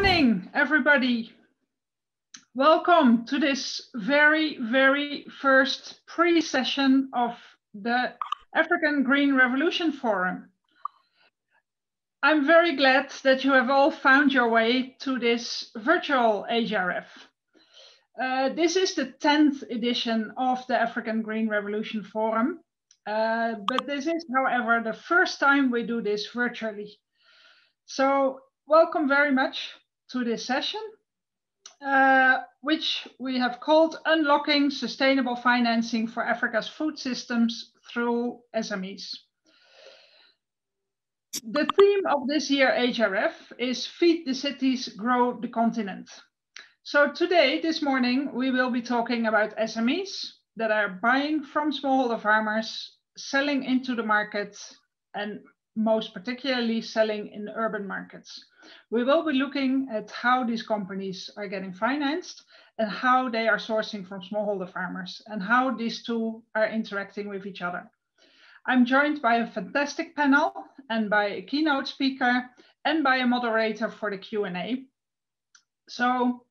morning, everybody. Welcome to this very, very first pre-session of the African Green Revolution Forum. I'm very glad that you have all found your way to this virtual HRF. Uh, this is the 10th edition of the African Green Revolution Forum, uh, but this is, however, the first time we do this virtually. So welcome very much to this session, uh, which we have called Unlocking Sustainable Financing for Africa's Food Systems Through SMEs. The theme of this year HRF is Feed the Cities, Grow the Continent. So today, this morning, we will be talking about SMEs that are buying from smallholder farmers, selling into the market, and most particularly selling in urban markets. We will be looking at how these companies are getting financed and how they are sourcing from smallholder farmers and how these two are interacting with each other. I'm joined by a fantastic panel and by a keynote speaker and by a moderator for the Q&A. So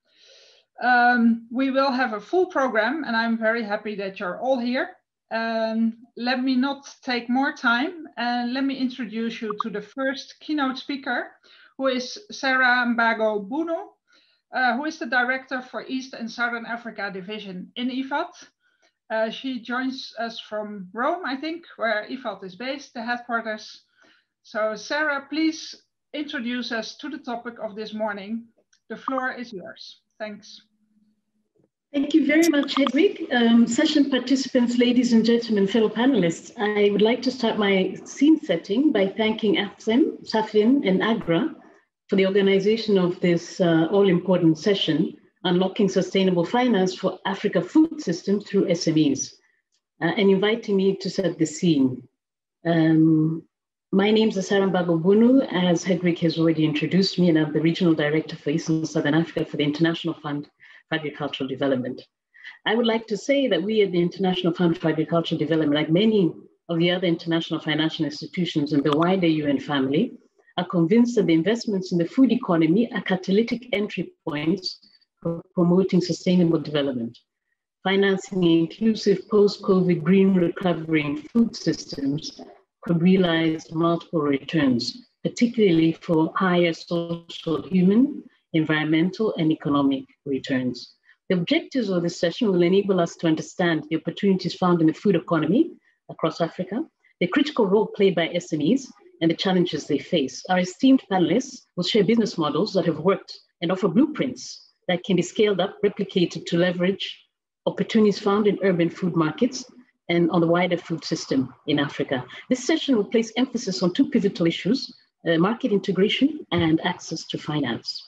um, we will have a full program and I'm very happy that you're all here. Um, let me not take more time and let me introduce you to the first keynote speaker, who is Sarah Mbago Buno, uh, who is the director for East and Southern Africa Division in IFAT. Uh, she joins us from Rome, I think, where IFAT is based, the headquarters. So Sarah, please introduce us to the topic of this morning. The floor is yours. Thanks. Thank you very much, Hedwig. Um, session participants, ladies and gentlemen, fellow panelists, I would like to start my scene setting by thanking AFSEM, SAFIN, and AGRA for the organization of this uh, all important session, Unlocking Sustainable Finance for Africa Food System through SMEs, uh, and inviting me to set the scene. Um, my name is Asaran Bagobunu, as Hedrick has already introduced me, and I'm the Regional Director for Eastern Southern Africa for the International Fund for Agricultural Development. I would like to say that we at the International Fund for Agricultural Development, like many of the other international financial institutions in the wider UN family, are convinced that the investments in the food economy are catalytic entry points for promoting sustainable development, financing inclusive post-COVID green recovery in food systems could realize multiple returns, particularly for higher social, human, environmental, and economic returns. The objectives of this session will enable us to understand the opportunities found in the food economy across Africa, the critical role played by SMEs, and the challenges they face. Our esteemed panelists will share business models that have worked and offer blueprints that can be scaled up, replicated to leverage opportunities found in urban food markets and on the wider food system in Africa. This session will place emphasis on two pivotal issues, uh, market integration and access to finance.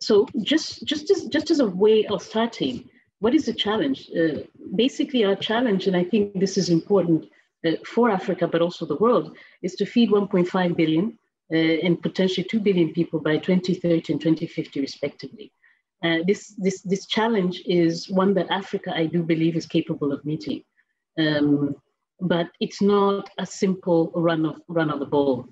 So just, just, as, just as a way of starting, what is the challenge? Uh, basically our challenge, and I think this is important, uh, for Africa, but also the world, is to feed 1.5 billion uh, and potentially 2 billion people by 2030 and 2050, respectively. Uh, this, this, this challenge is one that Africa, I do believe, is capable of meeting. Um, but it's not a simple run of, run of the ball.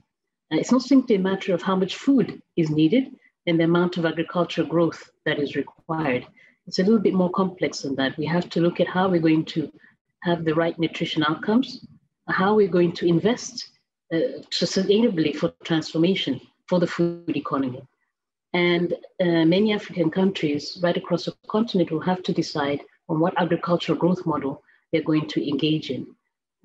it's not simply a matter of how much food is needed and the amount of agricultural growth that is required. It's a little bit more complex than that. We have to look at how we're going to have the right nutrition outcomes, how we're going to invest uh, sustainably for transformation for the food economy. And uh, many African countries right across the continent will have to decide on what agricultural growth model they're going to engage in.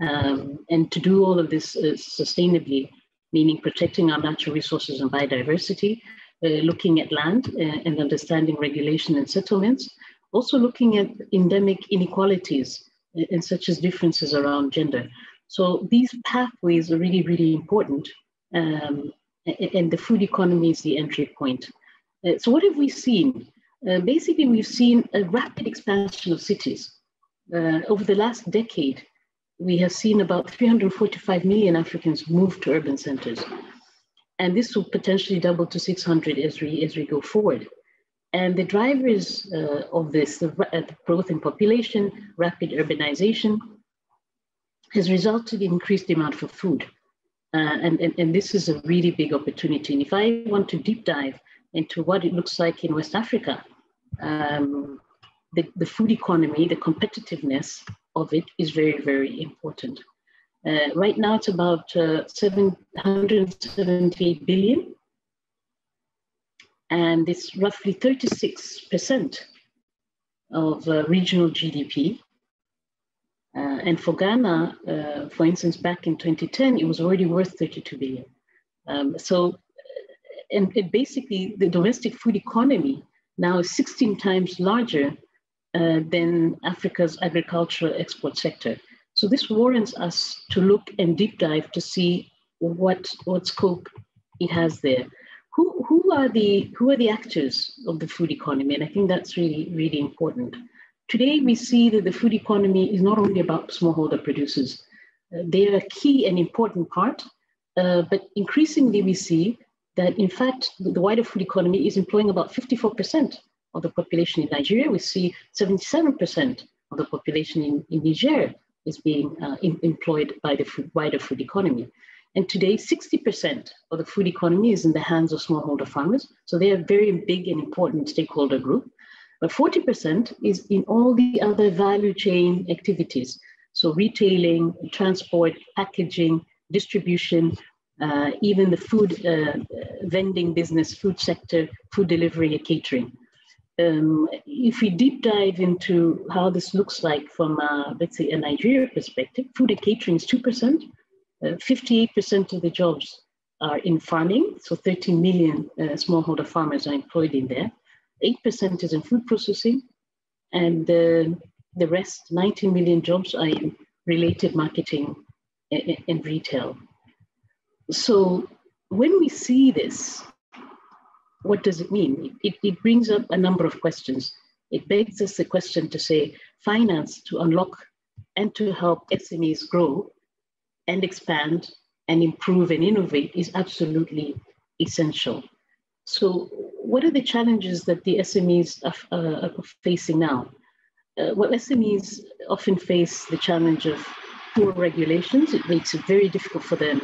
Um, and to do all of this uh, sustainably, meaning protecting our natural resources and biodiversity, uh, looking at land uh, and understanding regulation and settlements, also looking at endemic inequalities uh, and such as differences around gender. So these pathways are really, really important. Um, and the food economy is the entry point. Uh, so what have we seen? Uh, basically, we've seen a rapid expansion of cities. Uh, over the last decade, we have seen about 345 million Africans move to urban centers. And this will potentially double to 600 as we, as we go forward. And the drivers uh, of this, the, uh, the growth in population, rapid urbanization, has resulted in increased demand for food. Uh, and, and, and this is a really big opportunity. And if I want to deep dive into what it looks like in West Africa, um, the, the food economy, the competitiveness of it is very, very important. Uh, right now, it's about uh, 778 billion, and it's roughly 36% of uh, regional GDP. Uh, and for Ghana, uh, for instance, back in 2010, it was already worth 32 billion. Um, so, uh, and basically, the domestic food economy now is 16 times larger uh, than Africa's agricultural export sector. So this warrants us to look and deep dive to see what what scope it has there. Who who are the who are the actors of the food economy? And I think that's really really important. Today, we see that the food economy is not only about smallholder producers. Uh, they are a key and important part, uh, but increasingly we see that, in fact, the wider food economy is employing about 54% of the population in Nigeria. We see 77% of the population in, in Niger is being uh, in, employed by the food, wider food economy. And today, 60% of the food economy is in the hands of smallholder farmers. So they are a very big and important stakeholder group. But 40% is in all the other value chain activities. So retailing, transport, packaging, distribution, uh, even the food uh, vending business, food sector, food delivery, and catering. Um, if we deep dive into how this looks like from, uh, let's say, a Nigeria perspective, food and catering is 2%. 58% uh, of the jobs are in farming, so 13 million uh, smallholder farmers are employed in there. 8% is in food processing, and the, uh, the rest, 19 million jobs, are in related marketing and retail. So when we see this, what does it mean? It, it brings up a number of questions. It begs us the question to say finance to unlock and to help SMEs grow and expand and improve and innovate is absolutely essential. So what are the challenges that the SMEs are, uh, are facing now? Uh, well, SMEs often face the challenge of poor regulations. It makes it very difficult for them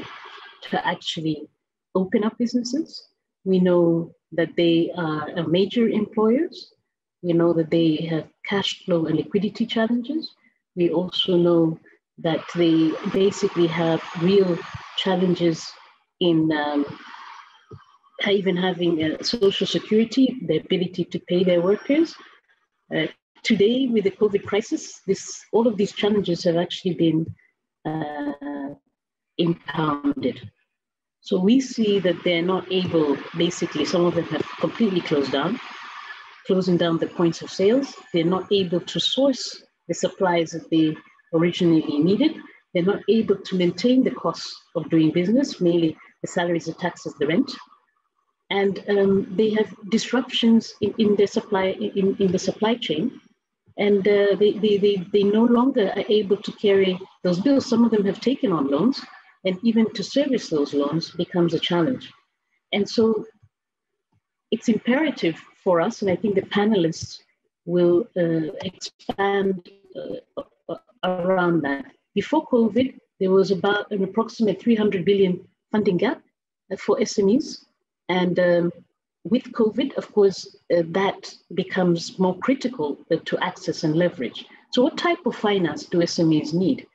to actually open up businesses. We know that they are major employers. We know that they have cash flow and liquidity challenges. We also know that they basically have real challenges in um, even having uh, social security, the ability to pay their workers. Uh, today, with the COVID crisis, this, all of these challenges have actually been uh, impounded. So we see that they're not able, basically, some of them have completely closed down, closing down the points of sales. They're not able to source the supplies that they originally needed. They're not able to maintain the costs of doing business, mainly the salaries, the taxes, the rent and um, they have disruptions in, in their supply in, in the supply chain and uh, they, they, they, they no longer are able to carry those bills some of them have taken on loans and even to service those loans becomes a challenge and so it's imperative for us and i think the panelists will uh, expand uh, around that before covid there was about an approximate 300 billion funding gap uh, for smes and um, with COVID, of course, uh, that becomes more critical uh, to access and leverage. So, what type of finance do SMEs need?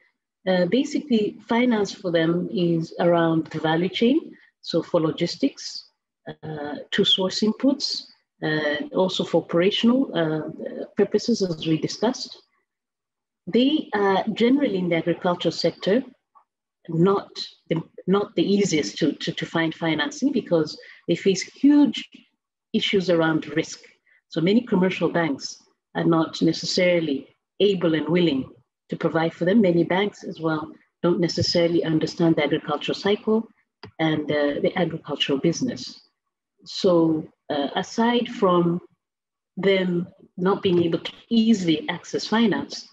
Uh, basically, finance for them is around the value chain. So, for logistics, uh, to source inputs, uh, also for operational uh, purposes, as we discussed. They are generally in the agricultural sector, not the, not the easiest to, to, to find financing because they face huge issues around risk. So many commercial banks are not necessarily able and willing to provide for them. Many banks as well don't necessarily understand the agricultural cycle and uh, the agricultural business. So, uh, aside from them not being able to easily access finance,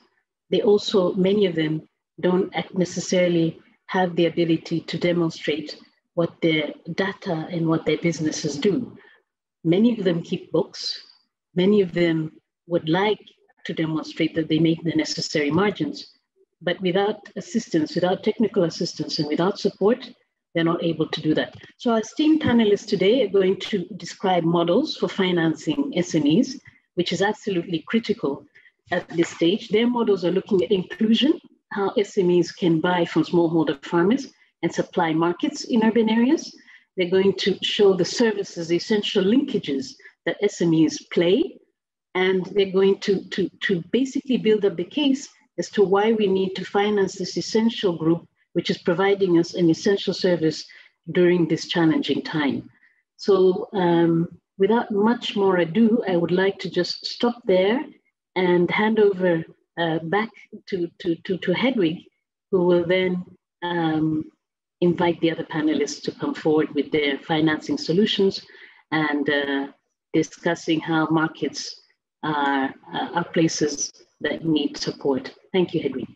they also, many of them, don't necessarily have the ability to demonstrate what their data and what their businesses do. Many of them keep books. Many of them would like to demonstrate that they make the necessary margins. But without assistance, without technical assistance, and without support, they're not able to do that. So our esteemed panelists today are going to describe models for financing SMEs, which is absolutely critical at this stage. Their models are looking at inclusion, how SMEs can buy from smallholder farmers, and supply markets in urban areas. They're going to show the services, the essential linkages that SMEs play, and they're going to, to, to basically build up the case as to why we need to finance this essential group, which is providing us an essential service during this challenging time. So um, without much more ado, I would like to just stop there and hand over uh, back to, to, to, to Hedwig, who will then um, invite the other panelists to come forward with their financing solutions and uh, discussing how markets are, uh, are places that need support. Thank you, Hedwig.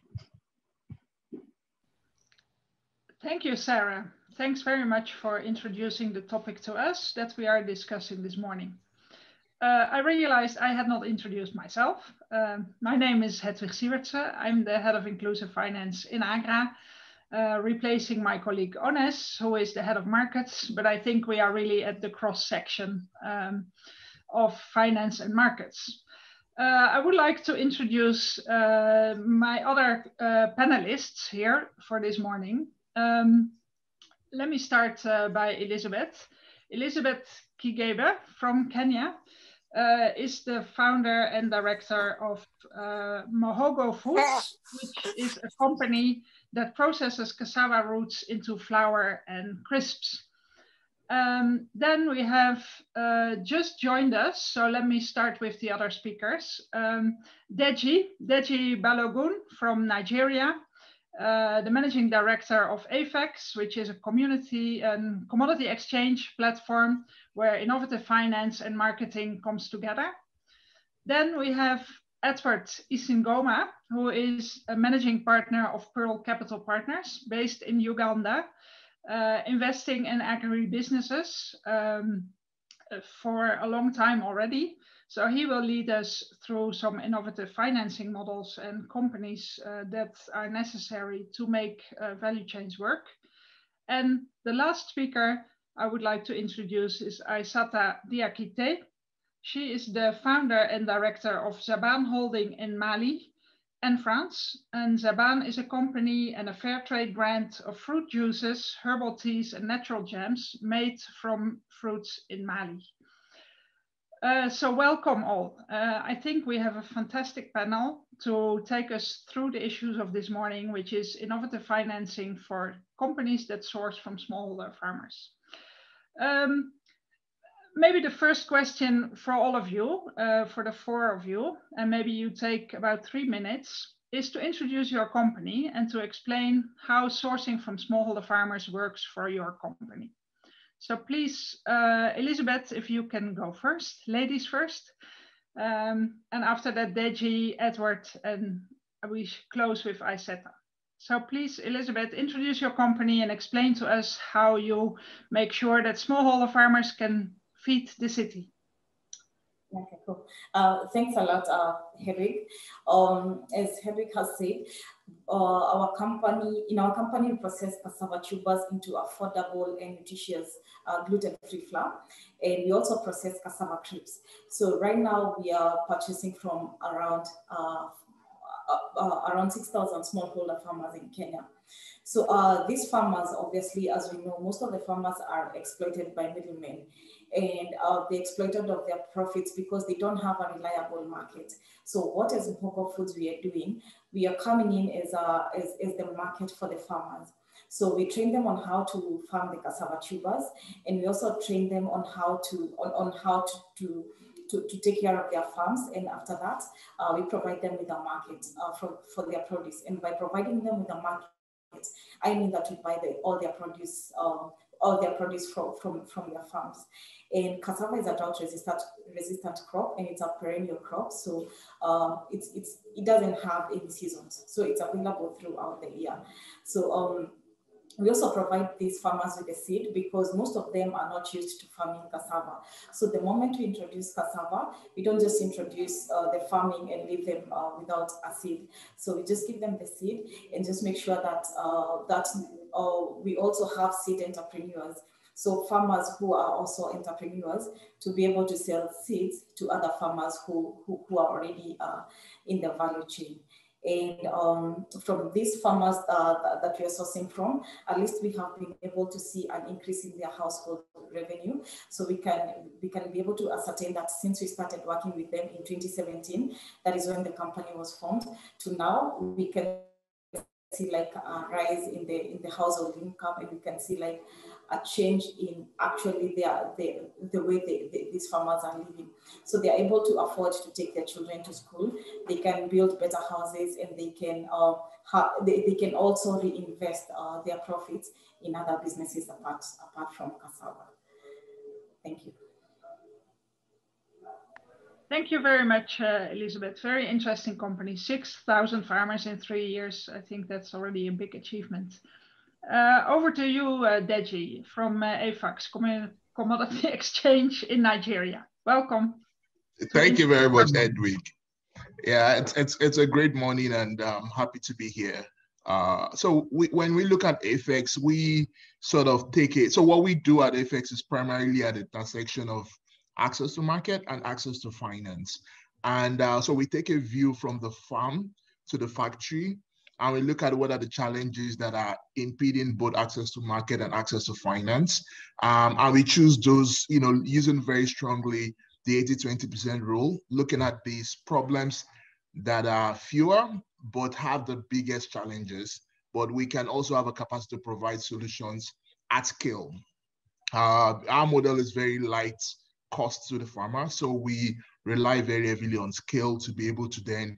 Thank you, Sarah. Thanks very much for introducing the topic to us that we are discussing this morning. Uh, I realized I had not introduced myself. Uh, my name is Hedwig Siewertse. I'm the head of inclusive finance in AGRA, uh, replacing my colleague Ones, who is the head of markets. But I think we are really at the cross section um, of finance and markets. Uh, I would like to introduce uh, my other uh, panelists here for this morning. Um, let me start uh, by Elizabeth. Elizabeth Kigebe from Kenya is the founder and director of Mohogo Foods, which is a company that processes cassava roots into flour and crisps. Um, then we have uh, just joined us, so let me start with the other speakers. Um, Deji, Deji Balogun from Nigeria, uh, the managing director of AFEX, which is a community and um, commodity exchange platform where innovative finance and marketing comes together. Then we have Edward Isingoma, who is a managing partner of Pearl Capital Partners based in Uganda, uh, investing in agri businesses um, for a long time already. So he will lead us through some innovative financing models and companies uh, that are necessary to make uh, value chains work. And the last speaker I would like to introduce is Aisata Diakite, she is the founder and director of Zaban Holding in Mali and France. And Zaban is a company and a fair trade brand of fruit juices, herbal teas, and natural jams made from fruits in Mali. Uh, so welcome all. Uh, I think we have a fantastic panel to take us through the issues of this morning, which is innovative financing for companies that source from smallholder farmers. Um, maybe the first question for all of you, uh, for the four of you, and maybe you take about three minutes, is to introduce your company and to explain how sourcing from smallholder farmers works for your company. So please, uh, Elizabeth, if you can go first, ladies first. Um, and after that, Deji, Edward, and we close with Iseta. So please, Elizabeth, introduce your company and explain to us how you make sure that smallholder farmers can feed the city. Okay, cool. Uh, thanks a lot, uh, Hedwig. Um, as Hedwig has said, uh, our company, in our company, we process cassava tubers into affordable and nutritious uh, gluten-free flour. And we also process cassava crisps. So right now we are purchasing from around uh, uh, uh, around 6,000 smallholder farmers in Kenya. So these farmers, obviously, as we know, most of the farmers are exploited by middlemen and uh, the exploited of their profits because they don't have a reliable market. So what is Mhogo Foods we are doing? We are coming in as, a, as, as the market for the farmers. So we train them on how to farm the cassava tubers, and we also train them on how to on, on how to, to to, to, take care of their farms. And after that, uh, we provide them with a market uh, for, for their produce. And by providing them with a market, I mean that we buy the, all their produce um, all their produce from, from, from their farms. And cassava is a drought resistant, resistant crop and it's a perennial crop. So um, it's, it's, it doesn't have any seasons. So it's available throughout the year. So um, we also provide these farmers with the seed because most of them are not used to farming cassava. So the moment we introduce cassava, we don't just introduce uh, the farming and leave them uh, without a seed. So we just give them the seed and just make sure that uh, that uh, we also have seed entrepreneurs. So farmers who are also entrepreneurs to be able to sell seeds to other farmers who, who, who are already uh, in the value chain. And um, from these farmers uh, that that we are sourcing from, at least we have been able to see an increase in their household revenue. So we can we can be able to ascertain that since we started working with them in 2017, that is when the company was formed, to now we can see like a rise in the in the household income and you can see like a change in actually the the way they, these farmers are living so they are able to afford to take their children to school they can build better houses and they can uh, ha- they, they can also reinvest uh, their profits in other businesses apart apart from cassava thank you Thank you very much, uh, Elizabeth. Very interesting company. 6,000 farmers in three years. I think that's already a big achievement. Uh, over to you, uh, Deji, from uh, AFAX, Commodity Exchange in Nigeria. Welcome. Thank you very much, Edwig. Yeah, it's, it's, it's a great morning and I'm um, happy to be here. Uh, so we, when we look at Afex, we sort of take it. So what we do at Afex is primarily at the intersection of access to market and access to finance. And uh, so we take a view from the farm to the factory, and we look at what are the challenges that are impeding both access to market and access to finance. Um, and we choose those, you know, using very strongly the 80-20% rule, looking at these problems that are fewer, but have the biggest challenges. But we can also have a capacity to provide solutions at scale. Uh, our model is very light Costs to the farmer. So we rely very heavily on scale to be able to then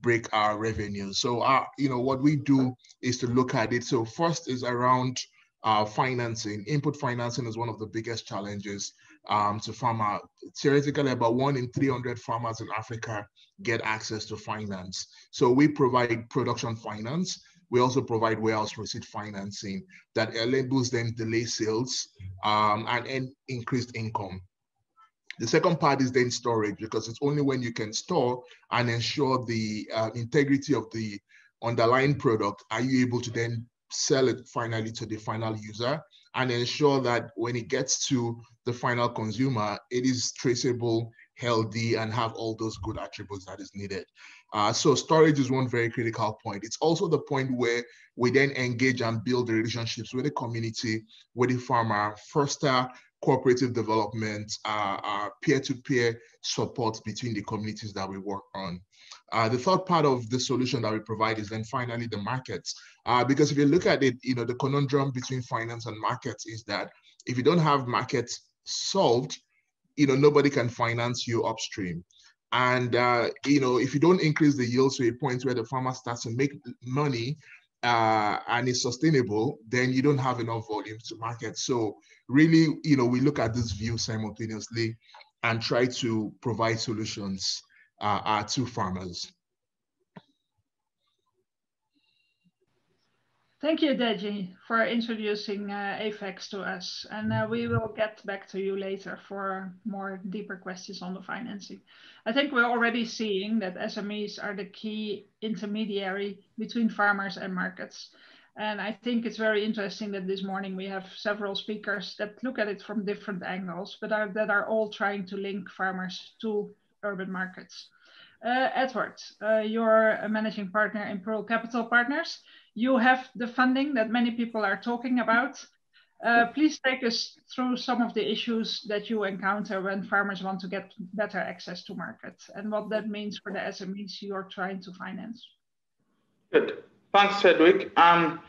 break our revenue. So our, uh, you know, what we do is to look at it. So first is around uh, financing. Input financing is one of the biggest challenges um, to farmer. Theoretically, about one in 300 farmers in Africa get access to finance. So we provide production finance. We also provide warehouse receipt financing that enables them delay sales um, and, and increased income. The second part is then storage because it's only when you can store and ensure the uh, integrity of the underlying product are you able to then sell it finally to the final user and ensure that when it gets to the final consumer, it is traceable, healthy, and have all those good attributes that is needed. Uh, so storage is one very critical point. It's also the point where we then engage and build the relationships with the community, with the farmer, foster cooperative development, uh, uh, peer-to-peer support between the communities that we work on. Uh, the third part of the solution that we provide is then finally the markets. Uh, because if you look at it, you know, the conundrum between finance and markets is that if you don't have markets solved, you know, nobody can finance you upstream. And, uh, you know, if you don't increase the yields to a point where the farmer starts to make money, uh, and it's sustainable, then you don't have enough volume to market. So really, you know, we look at this view simultaneously and try to provide solutions uh, uh to farmers. Thank you, Deji, for introducing uh, AFEX to us. And uh, we will get back to you later for more deeper questions on the financing. I think we're already seeing that SMEs are the key intermediary between farmers and markets. And I think it's very interesting that this morning we have several speakers that look at it from different angles, but are, that are all trying to link farmers to urban markets. Uh, Edward, uh, you're a managing partner in Pearl Capital Partners you have the funding that many people are talking about. Uh, please take us through some of the issues that you encounter when farmers want to get better access to markets and what that means for the SMEs you're trying to finance. Good. Thanks, Cedric. Um,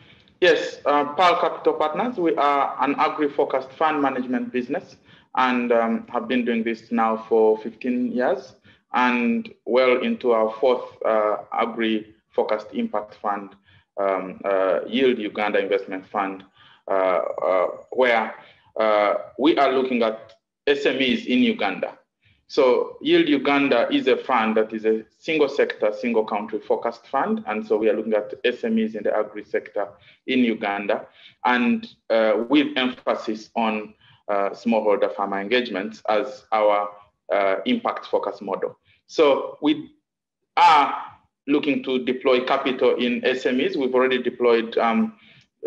yes, uh, PAL Capital Partners, we are an agri-focused fund management business and um, have been doing this now for 15 years and well into our fourth uh, agri-focused impact fund um, uh, Yield Uganda Investment Fund, uh, uh, where we are looking at SMEs in Uganda. So Yield Uganda is a fund that is a single sector, single country focused fund. And so we are looking at SMEs in the agri sector in Uganda and uh, with emphasis on uh, smallholder farmer engagements as our uh, impact focus model. So we are looking to deploy capital in SMEs. We've already deployed um,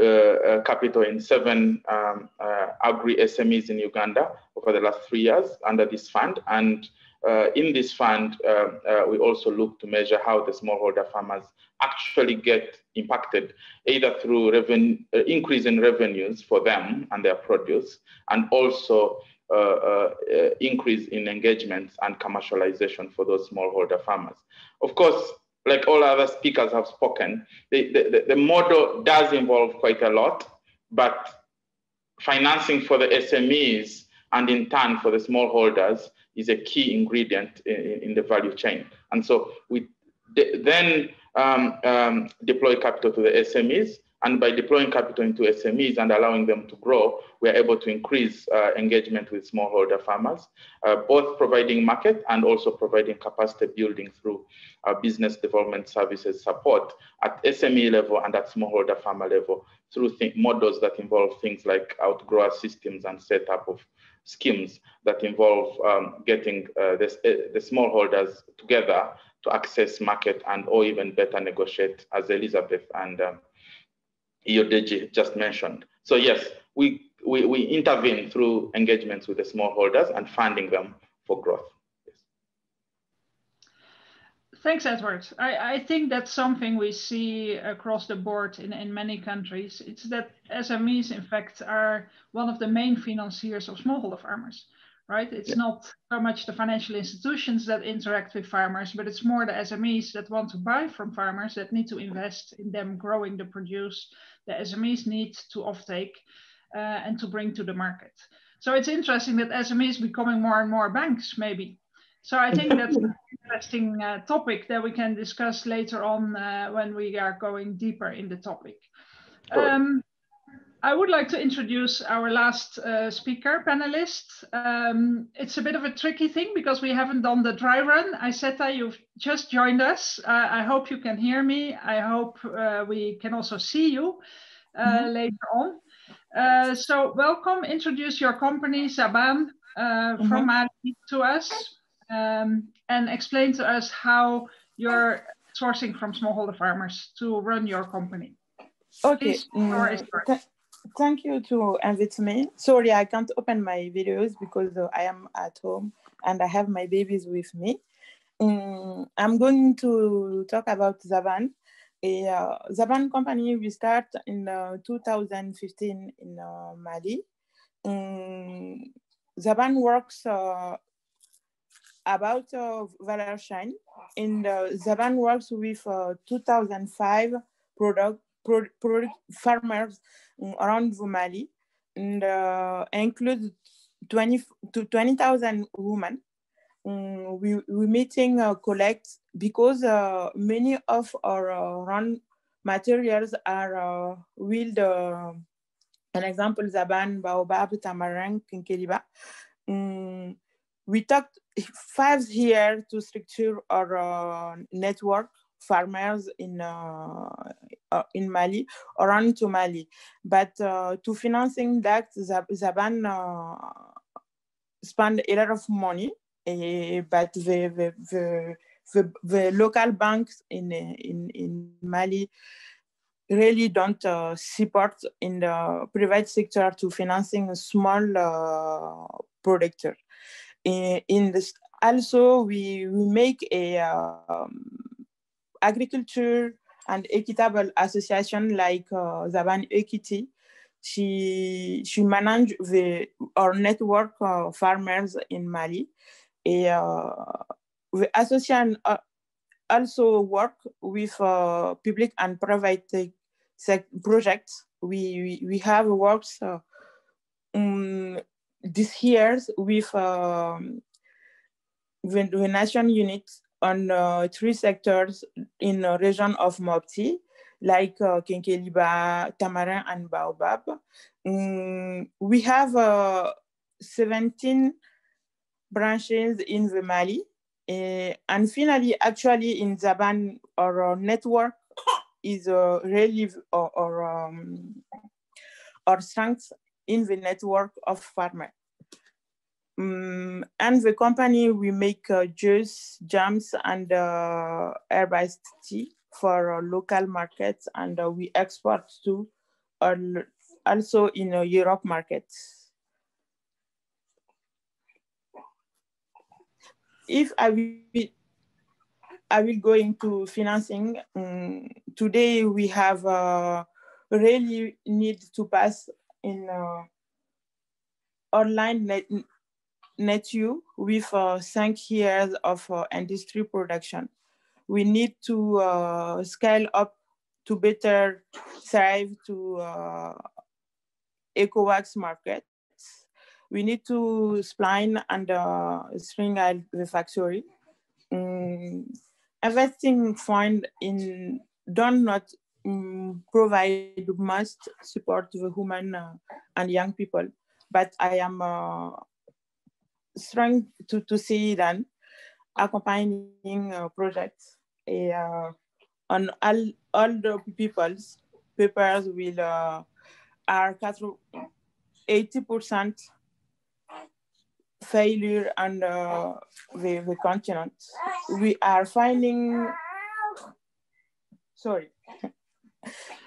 uh, uh, capital in seven um, uh, agri SMEs in Uganda over the last three years under this fund. And uh, in this fund, uh, uh, we also look to measure how the smallholder farmers actually get impacted, either through revenue, increase in revenues for them and their produce, and also uh, uh, uh, increase in engagements and commercialization for those smallholder farmers. Of course, like all other speakers have spoken, the, the, the model does involve quite a lot, but financing for the SMEs and in turn for the smallholders is a key ingredient in, in the value chain. And so we de- then um, um, deploy capital to the SMEs and by deploying capital into SMEs and allowing them to grow, we are able to increase uh, engagement with smallholder farmers, uh, both providing market and also providing capacity building through uh, business development services support at SME level and at smallholder farmer level through models that involve things like outgrower systems and setup of schemes that involve um, getting uh, the, uh, the smallholders together to access market and or even better negotiate as Elizabeth and um, Iodeji just mentioned. So yes, we, we, we intervene through engagements with the smallholders and funding them for growth. Yes. Thanks, Edward. I, I think that's something we see across the board in, in many countries. It's that SMEs, in fact, are one of the main financiers of smallholder farmers right? It's yeah. not so much the financial institutions that interact with farmers, but it's more the SMEs that want to buy from farmers that need to invest in them growing the produce the SMEs need to offtake uh, and to bring to the market. So it's interesting that SMEs becoming more and more banks, maybe. So I think that's an interesting uh, topic that we can discuss later on uh, when we are going deeper in the topic. Um, I would like to introduce our last uh, speaker panelist. Um, it's a bit of a tricky thing because we haven't done the dry run. Iseta, you've just joined us. Uh, I hope you can hear me. I hope uh, we can also see you mm -hmm. later on. Uh, so welcome, introduce your company, Saban, uh, mm -hmm. from Mali to us um, and explain to us how you're sourcing from smallholder farmers to run your company. Okay. Please, Thank you to invite me. Sorry, I can't open my videos because uh, I am at home and I have my babies with me. Um, I'm going to talk about Zaban. A uh, Zaban company we start in uh, 2015 in uh, Mali. Um, Zaban works uh, about uh, Valershine. In uh, Zaban works with 2005 product pro, pro farmers around Vumali and uh, includes 20 to 20,000 women. Um, we, we meeting uh, collect because uh, many of our uh, run materials are uh, uh, an example, Zaban, Baobab, Tamarang, Kinkeliba. Um, we talked five here to structure our uh, network farmers in uh, uh, in Mali around to Mali. But uh, to financing that, the, bank spend a lot of money, eh, but the, the, the, the, local banks in, in, in Mali really don't uh, support in the private sector to financing small uh, In, eh, in this, also we, we make a um, agriculture and equitable association like uh, Zaban Equity. She, she managed the, our network of farmers in Mali. And, eh, uh, the association uh, also work with uh, public and private projects. We, we, we have worked uh, um, this year with um, the, the nation unit on uh, three sectors in the uh, region of Mopti, like uh, Kenkeliba, Tamarin, and Baobab. Mm, we have uh, 17 branches in the Mali. Eh, and finally, actually in Zaban, our uh, network is uh, really relief or, or, um, strength in the network of farmers. Um, and the company we make uh, juice, jams, and uh, tea for uh, local markets, and uh, we export to uh, also in uh, Europe markets. If I will, I will go into financing. Um, today we have uh, really need to pass in uh, online net you with uh, thank years of uh, industry production. We need to uh, scale up to better serve to uh, ECOWAX markets. We need to spline and uh, string out the factory. Um, mm, fund in do not um, provide must support the women uh, and young people. But I am uh, Strong to, to see then accompanying uh, projects uh, on all, all the people's papers will uh, are 80% failure on uh, the, the continent. We are finding, sorry.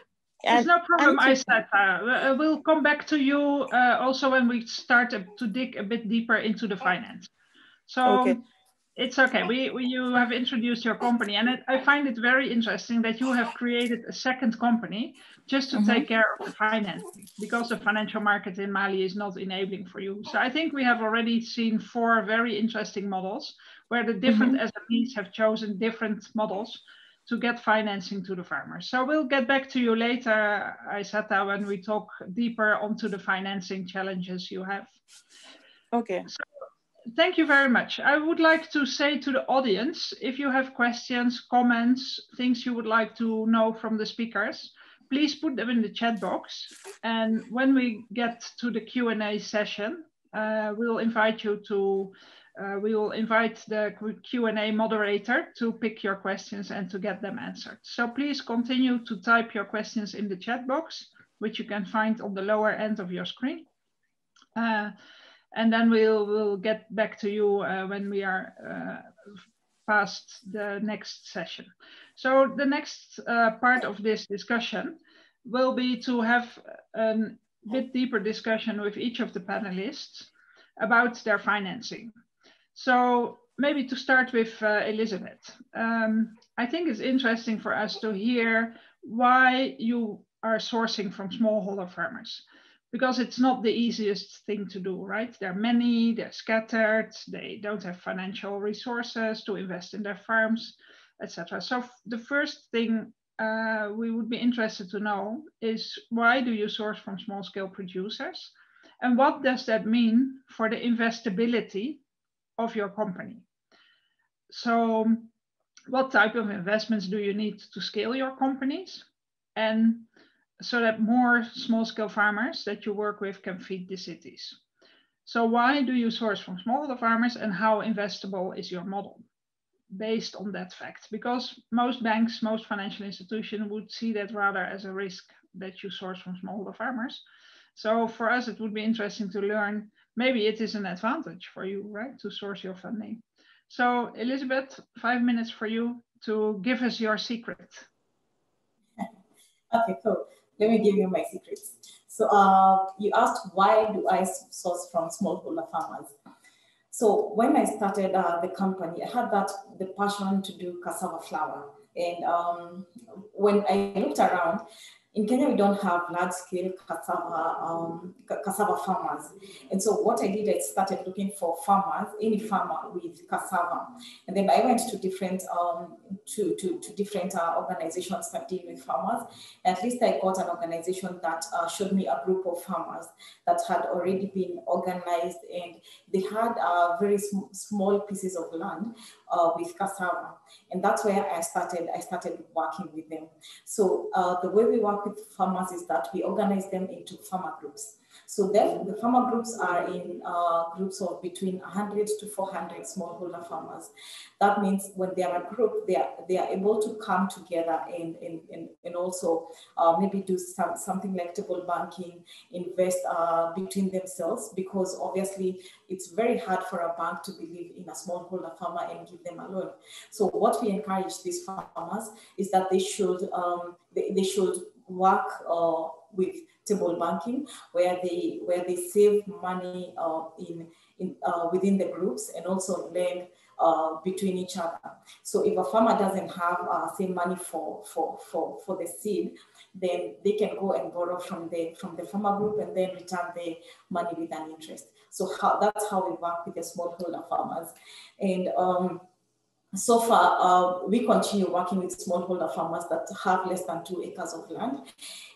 There's no problem, I said. Uh, we'll come back to you uh, also when we start to dig a bit deeper into the finance. So okay. it's okay. We, we, you have introduced your company, and it, I find it very interesting that you have created a second company just to mm -hmm. take mm-hmm. care of the finance because the financial market in Mali is not enabling for you. So I think we have already seen four very interesting models where the different mm -hmm. SMEs have chosen different models to get financing to the farmers. So we'll get back to you later, Isata, when we talk deeper onto the financing challenges you have. Okay. So, thank you very much. I would like to say to the audience, if you have questions, comments, things you would like to know from the speakers, please put them in the chat box. And when we get to the Q&A session, uh, we'll invite you to uh, we will invite the Q&A moderator to pick your questions and to get them answered. So please continue to type your questions in the chat box, which you can find on the lower end of your screen. Uh, and then we'll, we'll get back to you uh, when we are uh, past the next session. So the next uh, part of this discussion will be to have a bit deeper discussion with each of the panelists about their financing. So maybe to start with uh, Elizabeth, um, I think it's interesting for us to hear why you are sourcing from smallholder farmers because it's not the easiest thing to do, right? They're many, they're scattered, they don't have financial resources to invest in their farms, etc. So the first thing uh, we would be interested to know is why do you source from small scale producers? And what does that mean for the investability of your company. So what type of investments do you need to scale your companies? And so that more small scale farmers that you work with can feed the cities. So why do you source from smallholder farmers and how investable is your model? Based on that fact, because most banks, most financial institutions would see that rather as a risk that you source from smallholder farmers. So for us, it would be interesting to learn maybe it is an advantage for you, right, to source your funding. So, Elizabeth, five minutes for you to give us your secret. okay, cool. Let me give you my secrets. So, uh, you asked why do I source from smallholder farmers? So, when I started uh, the company, I had that the passion to do cassava flour. And um, when I looked around, in Kenya, we don't have large scale cassava, um, cassava farmers. And so what I did, I started looking for farmers, any farmer with cassava. And then I went to different, um, to, to, to different uh, organizations that deal with farmers. At least I got an organization that uh, showed me a group of farmers that had already been organized and they had uh, very sm small pieces of land uh, with cassava. And that's where I started, I started working with them. So uh, the way we work with farmers is that we organize them into farmer groups. So then the farmer groups are in uh, groups of between 100 to 400 smallholder farmers. That means when they are a group, they are, they are able to come together and, and, and, and also uh, maybe do some, something like table banking, invest uh, between themselves, because obviously it's very hard for a bank to believe in a smallholder farmer and give them a loan. So what we encourage these farmers is that they should, um, they, they should work uh, with table banking, where they where they save money uh, in in uh, within the groups and also lend uh, between each other. So if a farmer doesn't have uh, same money for for for for the seed, then they can go and borrow from the from the farmer group and then return the money with an interest. So how, that's how we work with the smallholder farmers, and. Um, so far, uh, we continue working with smallholder farmers that have less than two acres of land.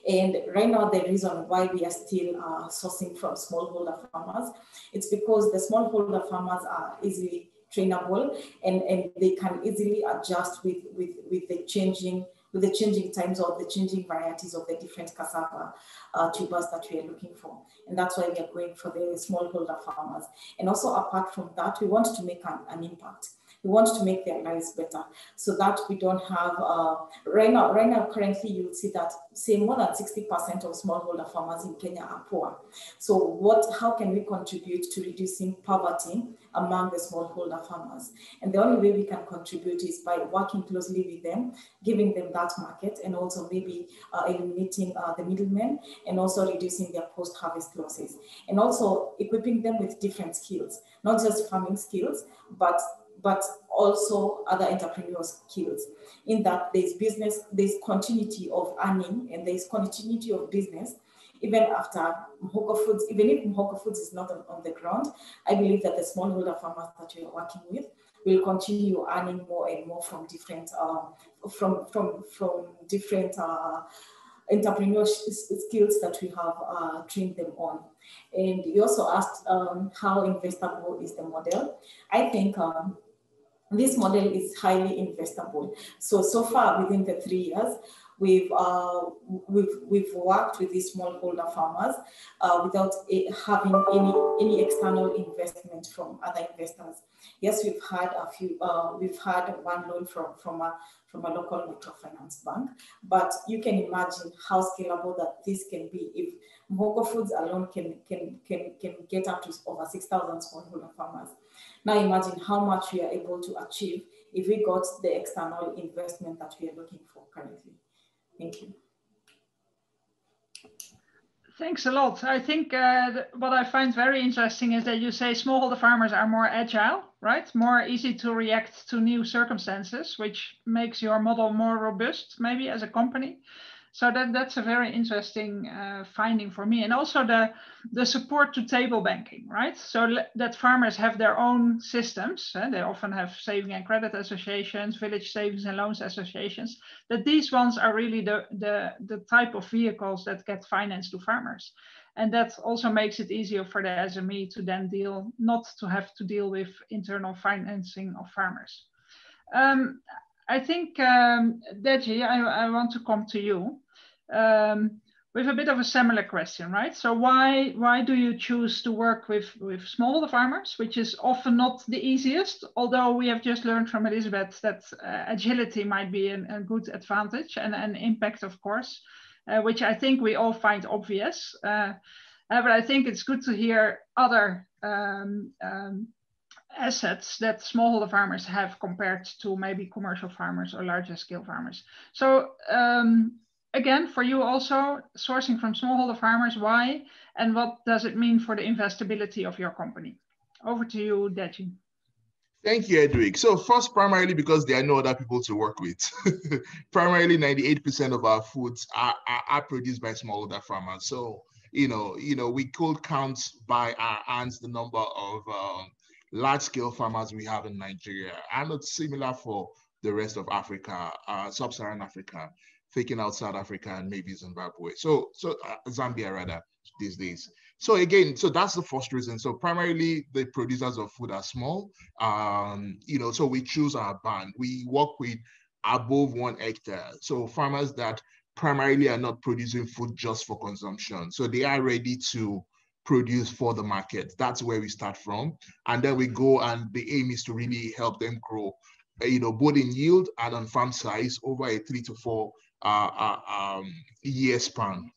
And right now, the reason why we are still uh, sourcing from smallholder farmers, it's because the smallholder farmers are easily trainable and, and they can easily adjust with, with, with the changing with the changing times or the changing varieties of the different cassava uh, tubers that we are looking for. And that's why we are going for the smallholder farmers. And also apart from that, we want to make an, an impact. We want to make their lives better so that we don't have, uh, right, now, right now, currently you'll see that say more than 60% of smallholder farmers in Kenya are poor. So what, how can we contribute to reducing poverty among the smallholder farmers? And the only way we can contribute is by working closely with them, giving them that market and also maybe uh, eliminating uh, the middlemen and also reducing their post-harvest losses. And also equipping them with different skills, not just farming skills, but but also other entrepreneurs skills in that there's business, there's continuity of earning and there's continuity of business even after Mhoko Foods, even if Mhoko Foods is not on, on the ground, I believe that the smallholder farmers that we are working with will continue earning more and more from different um, from from from different uh, entrepreneurship skills that we have uh, trained them on. And you also asked um, how investable is the model. I think um, this model is highly investable. So, so far within the three years, we've, uh, we've, we've worked with these smallholder farmers uh, without having any, any external investment from other investors. Yes, we've had a few, uh, we've had one loan from, from, a, from a local microfinance bank, but you can imagine how scalable that this can be if Mogo Foods alone can, can, can, can get up to over 6,000 smallholder farmers. Now imagine how much we are able to achieve if we got the external investment that we are looking for currently. Thank you. Thanks a lot. I think uh, what I find very interesting is that you say smallholder farmers are more agile, right? More easy to react to new circumstances, which makes your model more robust, maybe as a company. So that, that's a very interesting uh, finding for me. And also the, the support to table banking, right? So that farmers have their own systems. Eh? They often have saving and credit associations, village savings and loans associations, that these ones are really the, the, the type of vehicles that get financed to farmers. And that also makes it easier for the SME to then deal, not to have to deal with internal financing of farmers. Um, I think, um, Deji, I, I want to come to you um, with a bit of a similar question, right? So why why do you choose to work with with smallholder farmers, which is often not the easiest? Although we have just learned from Elizabeth that uh, agility might be an, a good advantage and an impact, of course, uh, which I think we all find obvious. Uh, uh but I think it's good to hear other um, um, assets that smallholder farmers have compared to maybe commercial farmers or larger scale farmers. So um, again, for you also, sourcing from smallholder farmers, why and what does it mean for the investability of your company? Over to you, Deji. Thank you, Edric. So first, primarily because there are no other people to work with. primarily, 98% of our foods are, are, are produced by smallholder farmers. So you know, you know, we could count by our hands the number of um, large scale farmers we have in Nigeria. And it's similar for the rest of Africa, uh, sub-Saharan Africa, thinking out South Africa and maybe Zimbabwe. So, so uh, Zambia rather these days. So again, so that's the first reason. So primarily the producers of food are small. Um, you know, so we choose our band. We work with above one hectare. So farmers that primarily are not producing food just for consumption. So they are ready to produce for the market. That's where we start from. And then we go and the aim is to really help them grow, uh, you know, both in yield and on farm size over a three to four uh, uh, um, year span.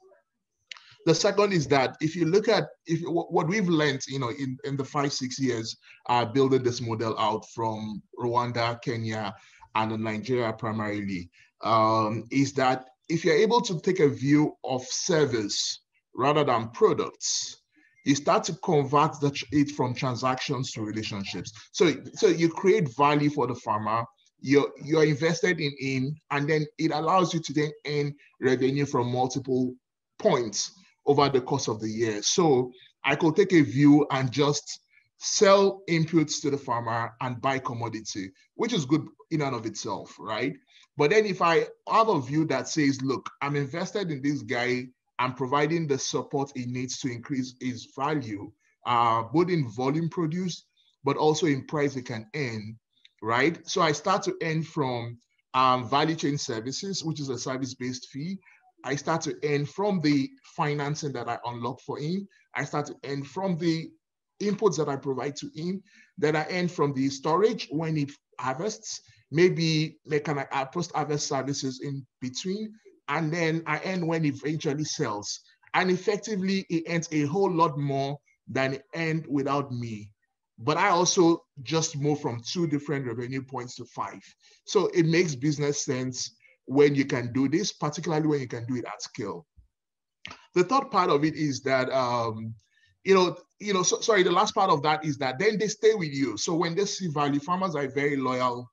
The second is that if you look at if what we've learned, you know, in, in the five, six years uh, building this model out from Rwanda, Kenya, and Nigeria primarily, um, is that if you're able to take a view of service rather than products, you start to convert the, it from transactions to relationships. So, so you create value for the farmer. You're, you're invested in in, and then it allows you to then earn revenue from multiple points over the course of the year. So I could take a view and just sell inputs to the farmer and buy commodity, which is good in and of itself, right? But then if I have a view that says, look, I'm invested in this guy and providing the support it needs to increase its value, uh, both in volume produced, but also in price it can earn, right? So I start to earn from um, value chain services, which is a service-based fee. I start to earn from the financing that I unlock for him. I start to earn from the inputs that I provide to him. Then I earn from the storage when he harvests, maybe make mechanic uh, post-harvest services in between and then I earn when eventually sells. And effectively, it earns a whole lot more than it earned without me. But I also just move from two different revenue points to five. So it makes business sense when you can do this, particularly when you can do it at scale. The third part of it is that, um, you know, you know, so, sorry, the last part of that is that then they stay with you. So when they see value, farmers are very loyal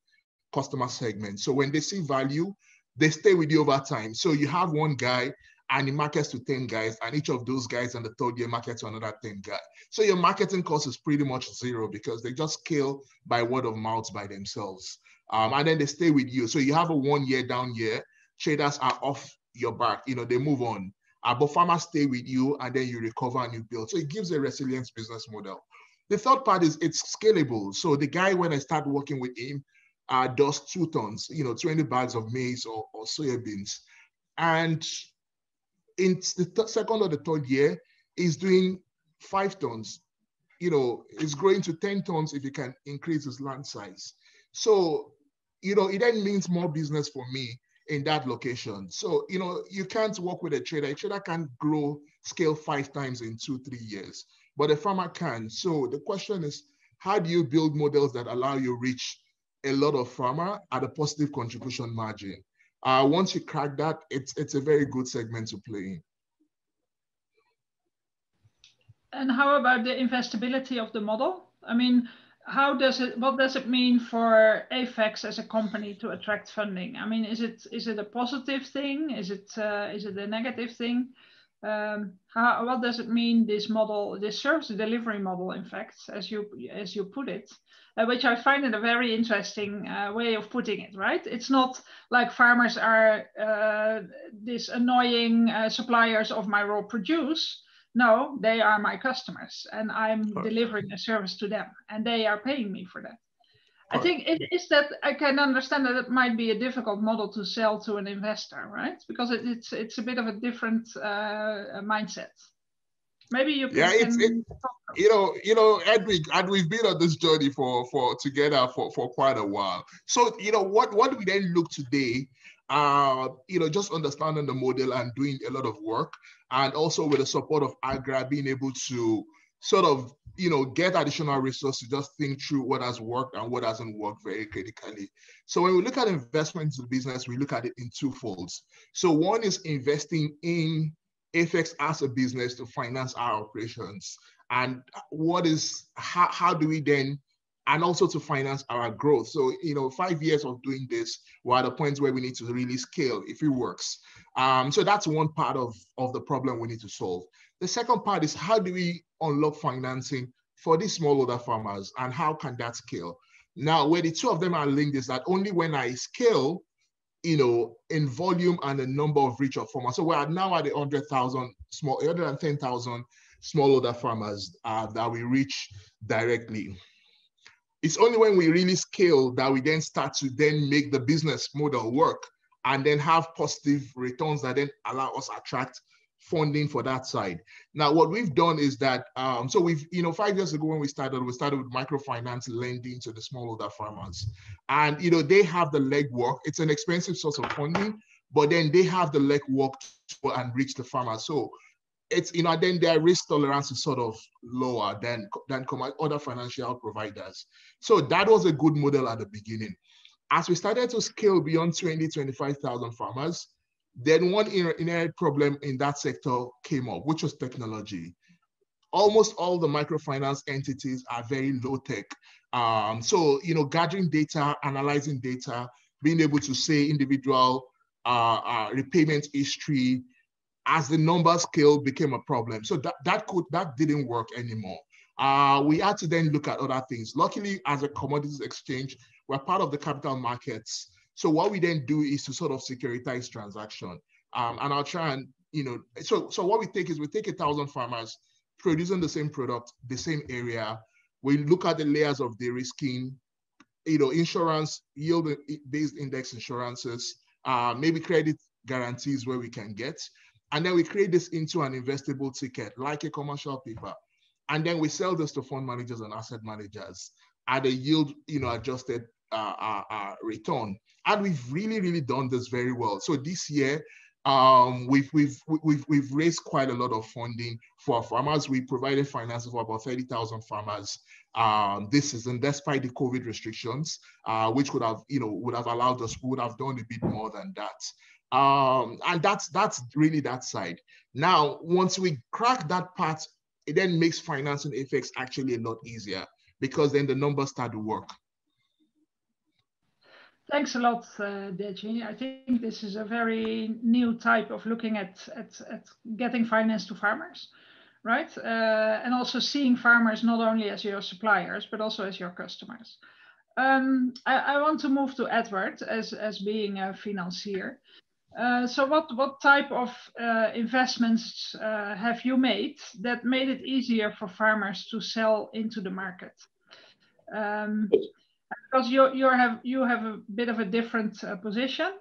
customer segment. So when they see value, they stay with you over time. So you have one guy and he markets to 10 guys, and each of those guys and the third year markets to another 10 guys. So your marketing cost is pretty much zero because they just scale by word of mouth by themselves. Um, and then they stay with you. So you have a one year down year. Traders are off your back, you know, they move on. Uh, but farmers stay with you and then you recover and you build. So it gives a resilience business model. The third part is it's scalable. So the guy, when I start working with him, uh, does two tons, you know, 20 bags of maize or, or soybeans. And in the th second or the third year, is doing five tons. You know, it's growing to 10 tons if you can increase his land size. So, you know, it then means more business for me in that location. So, you know, you can't work with a trader. A trader can't grow scale five times in two, three years, but a farmer can. So the question is, how do you build models that allow you reach a lot of farmer at a positive contribution margin. Uh, once you crack that, it's, it's a very good segment to play in. And how about the investability of the model? I mean, how does it, what does it mean for AFEX as a company to attract funding? I mean, is it, is it a positive thing? Is it, uh, is it a negative thing? um, how, what does it mean this model this service delivery model in fact as you as you put it uh, which i find it a very interesting uh, way of putting it right it's not like farmers are uh, this annoying uh, suppliers of my raw produce no they are my customers and i'm delivering a service to them and they are paying me for that I think it is that I can understand that it might be a difficult model to sell to an investor, right? Because it, it's it's a bit of a different uh, uh mindset. Maybe you yeah, it's, it, you know you know Edwin and we've been on this journey for for together for for quite a while. So you know what what we then look today uh, you know, just understanding the model and doing a lot of work, and also with the support of Agra, being able to sort of you know get additional resources just think through what has worked and what hasn't worked very critically so when we look at investment into business we look at it in two folds so one is investing in FX as a business to finance our operations and what is how, how do we then and also to finance our growth. So, you know, five years of doing this, we're at a point where we need to really scale if it works. Um, so that's one part of, of the problem we need to solve. The second part is how do we unlock financing for these smallholder farmers and how can that scale? Now, where the two of them are linked is that only when I scale, you know, in volume and the number of reach of farmers. So we're now at the 100,000 small, 110,000 smallholder farmers uh, that we reach directly. It's only when we really scale that we then start to then make the business model work and then have positive returns that then allow us attract funding for that side. Now, what we've done is that, um, so we've, you know, five years ago when we started, we started with microfinance lending to the smallholder farmers. And, you know, they have the legwork. It's an expensive source of funding, but then they have the legwork to and reach the farmer. So it's you know then their risk tolerance is sort of lower than than other financial providers so that was a good model at the beginning as we started to scale beyond 20 25000 farmers then one inherent problem in that sector came up which was technology almost all the microfinance entities are very low tech um, so you know gathering data analyzing data being able to say individual uh, uh, repayment history as the number scale became a problem. So that, that could that didn't work anymore. Uh, we had to then look at other things. Luckily, as a commodities exchange, we're part of the capital markets. So what we then do is to sort of securitize transaction. Um, and I'll try and, you know, so so what we take is we take a thousand farmers producing the same product, the same area. We look at the layers of de-risking, you know, insurance, yield-based index insurances, uh, maybe credit guarantees where we can get. And then we create this into an investable ticket, like a commercial paper. And then we sell this to fund managers and asset managers at a yield, you know, adjusted uh, uh, uh, return. And we've really, really done this very well. So this year, um, we've, we've, we've, we've raised quite a lot of funding for farmers. We provided financing for about 30,000 farmers um, this season, despite the COVID restrictions, uh, which would have, you know, would have allowed us, would have done a bit more than that. Um, and that's that's really that side. Now, once we crack that part, it then makes financing effects actually a lot easier because then the numbers start to work. Thanks a lot, uh, Deji. I think this is a very new type of looking at, at, at getting finance to farmers, right? Uh, and also seeing farmers not only as your suppliers, but also as your customers. Um, I, I, want to move to Edward as, as being a financier. Uh, so what, what type of uh, investments uh, have you made that made it easier for farmers to sell into the market? Um, because you, you, have, you have a bit of a different position.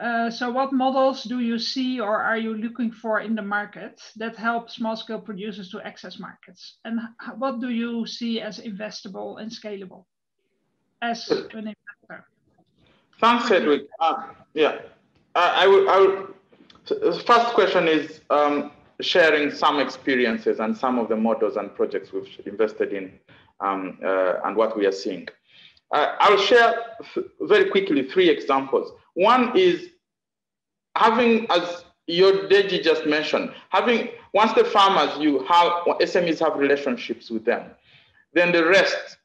Uh, so what models do you see or are you looking for in the market that help small scale producers to access markets? And what do you see as investable and scalable as an investor? Thanks, Edwin. Uh, ah, yeah. Uh, I would, I would the uh, first question is um, sharing some experiences and some of the models and projects we've invested in um, uh, and what we are seeing. Uh, I'll share very quickly three examples. One is having, as your Deji just mentioned, having once the farmers you have SMEs have relationships with them, then the rest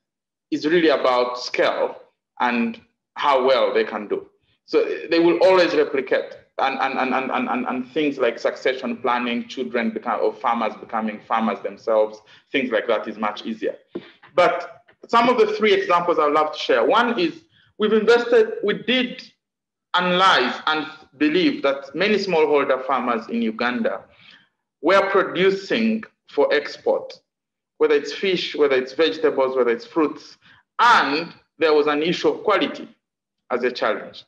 is really about scale and how well they can do. So they will always replicate. And, and, and, and, and, and things like succession planning, children become, or farmers becoming farmers themselves, things like that is much easier. But some of the three examples I'd love to share. One is we've invested, we did analyze and believe that many smallholder farmers in Uganda were producing for export, whether it's fish, whether it's vegetables, whether it's fruits, and there was an issue of quality as a challenge.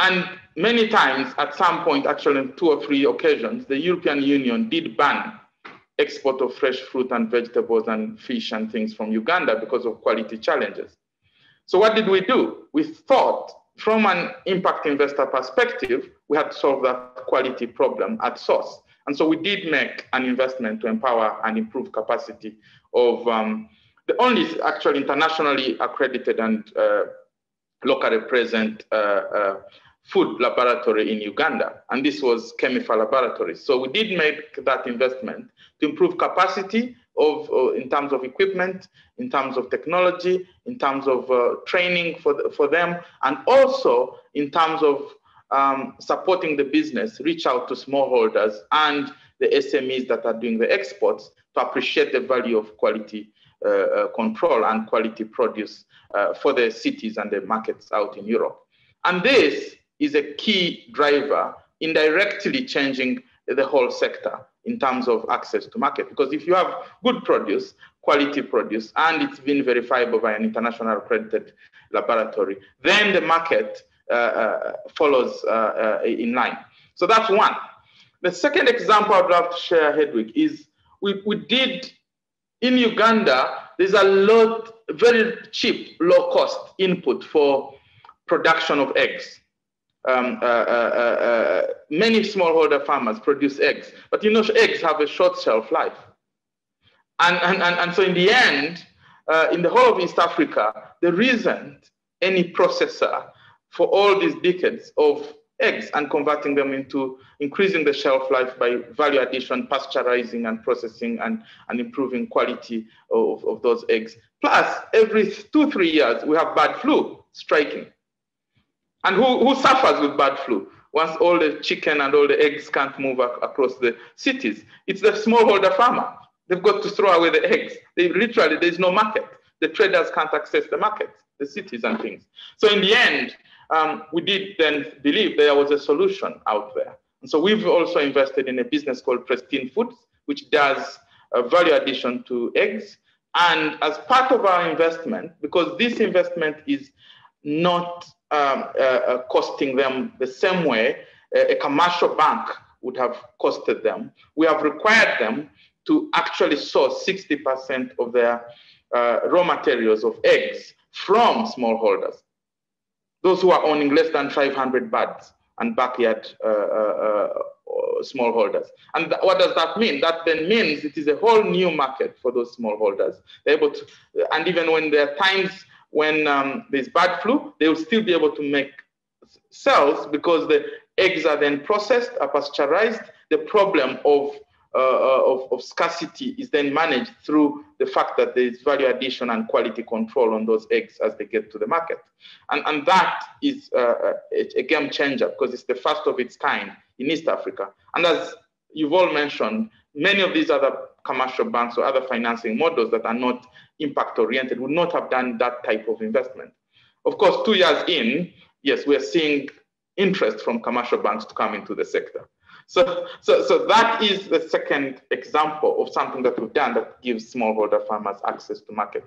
And many times, at some point, actually on two or three occasions, the European Union did ban export of fresh fruit and vegetables and fish and things from Uganda because of quality challenges. So what did we do? We thought from an impact investor perspective, we had to solve that quality problem at source. And so we did make an investment to empower and improve capacity of um, the only actually internationally accredited and uh, locally present uh, uh, food laboratory in Uganda, and this was chemical laboratory. So we did make that investment to improve capacity of, uh, in terms of equipment, in terms of technology, in terms of uh, training for, the, for them, and also in terms of um, supporting the business, reach out to smallholders and the SMEs that are doing the exports to appreciate the value of quality uh, uh control and quality produce uh, for the cities and the markets out in Europe. And this is a key driver in directly changing the whole sector in terms of access to market. Because if you have good produce, quality produce, and it's been verifiable by an international accredited laboratory, then the market uh, uh, follows uh, uh in line. So that's one. The second example I'd love to share, Hedwig, is we, we did in Uganda, there's a lot, very cheap, low cost input for production of eggs um, uh, uh, uh, uh, many smallholder farmers produce eggs, but you know, eggs have a short shelf life. And, and, and, and so, in the end, uh, in the whole of East Africa, there isn't any processor for all these decades of eggs and converting them into increasing the shelf life by value addition, pasteurizing and processing and, and improving quality of, of those eggs. Plus, every two, three years, we have bad flu striking. And who, who suffers with bird flu once all the chicken and all the eggs can't move ac across the cities? It's the smallholder farmer. They've got to throw away the eggs. They literally, there's no market. The traders can't access the market, the cities and things. So in the end, um, we did then believe there was a solution out there. And so we've also invested in a business called Pristine Foods, which does a uh, value addition to eggs. And as part of our investment, because this investment is not um, uh, uh, costing them the same way uh, a commercial bank would have costed them. We have required them to actually source 60% of their uh, raw materials of eggs from smallholders, those who are owning less than 500 birds and backyard uh, uh, smallholders. And what does that mean? That then means it is a whole new market for those smallholders. They're able to, and even when there are times when um, there's bad flu, they will still be able to make cells because the eggs are then processed, are pasteurized. The problem of, uh, uh of, of, scarcity is then managed through the fact that there is value addition and quality control on those eggs as they get to the market. And, and that is uh, uh, a, a game changer because it's the first of its kind in East Africa. And as you've all mentioned, many of these other commercial banks or other financing models that are not impact oriented would not have done that type of investment. Of course, two years in, yes, we're seeing interest from commercial banks to come into the sector. So, so, so that is the second example of something that we've done that gives smallholder farmers access to market.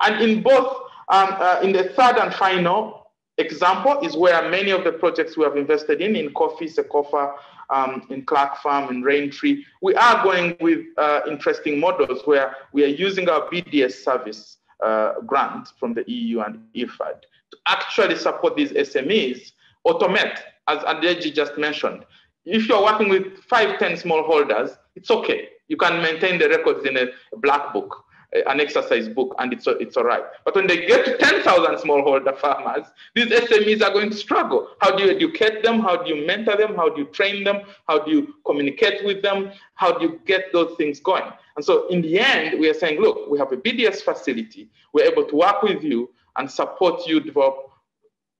And in both, um, uh, in the third and final example is where many of the projects we have invested in, in coffee, Secofa, um, in Clark Farm, in Raintree. We are going with uh, interesting models where we are using our BDS service uh, grant from the EU and IFAD to actually support these SMEs, automate, as Adeji just mentioned. If you're working with five, 10 smallholders, it's okay. You can maintain the records in a black book uh, an exercise book and it's, uh, it's all right. But when they get to 10,000 smallholder farmers, these SMEs are going to struggle. How do you educate them? How do you mentor them? How do you train them? How do you communicate with them? How do you get those things going? And so in the end, we are saying, look, we have a BDS facility. We're able to work with you and support you develop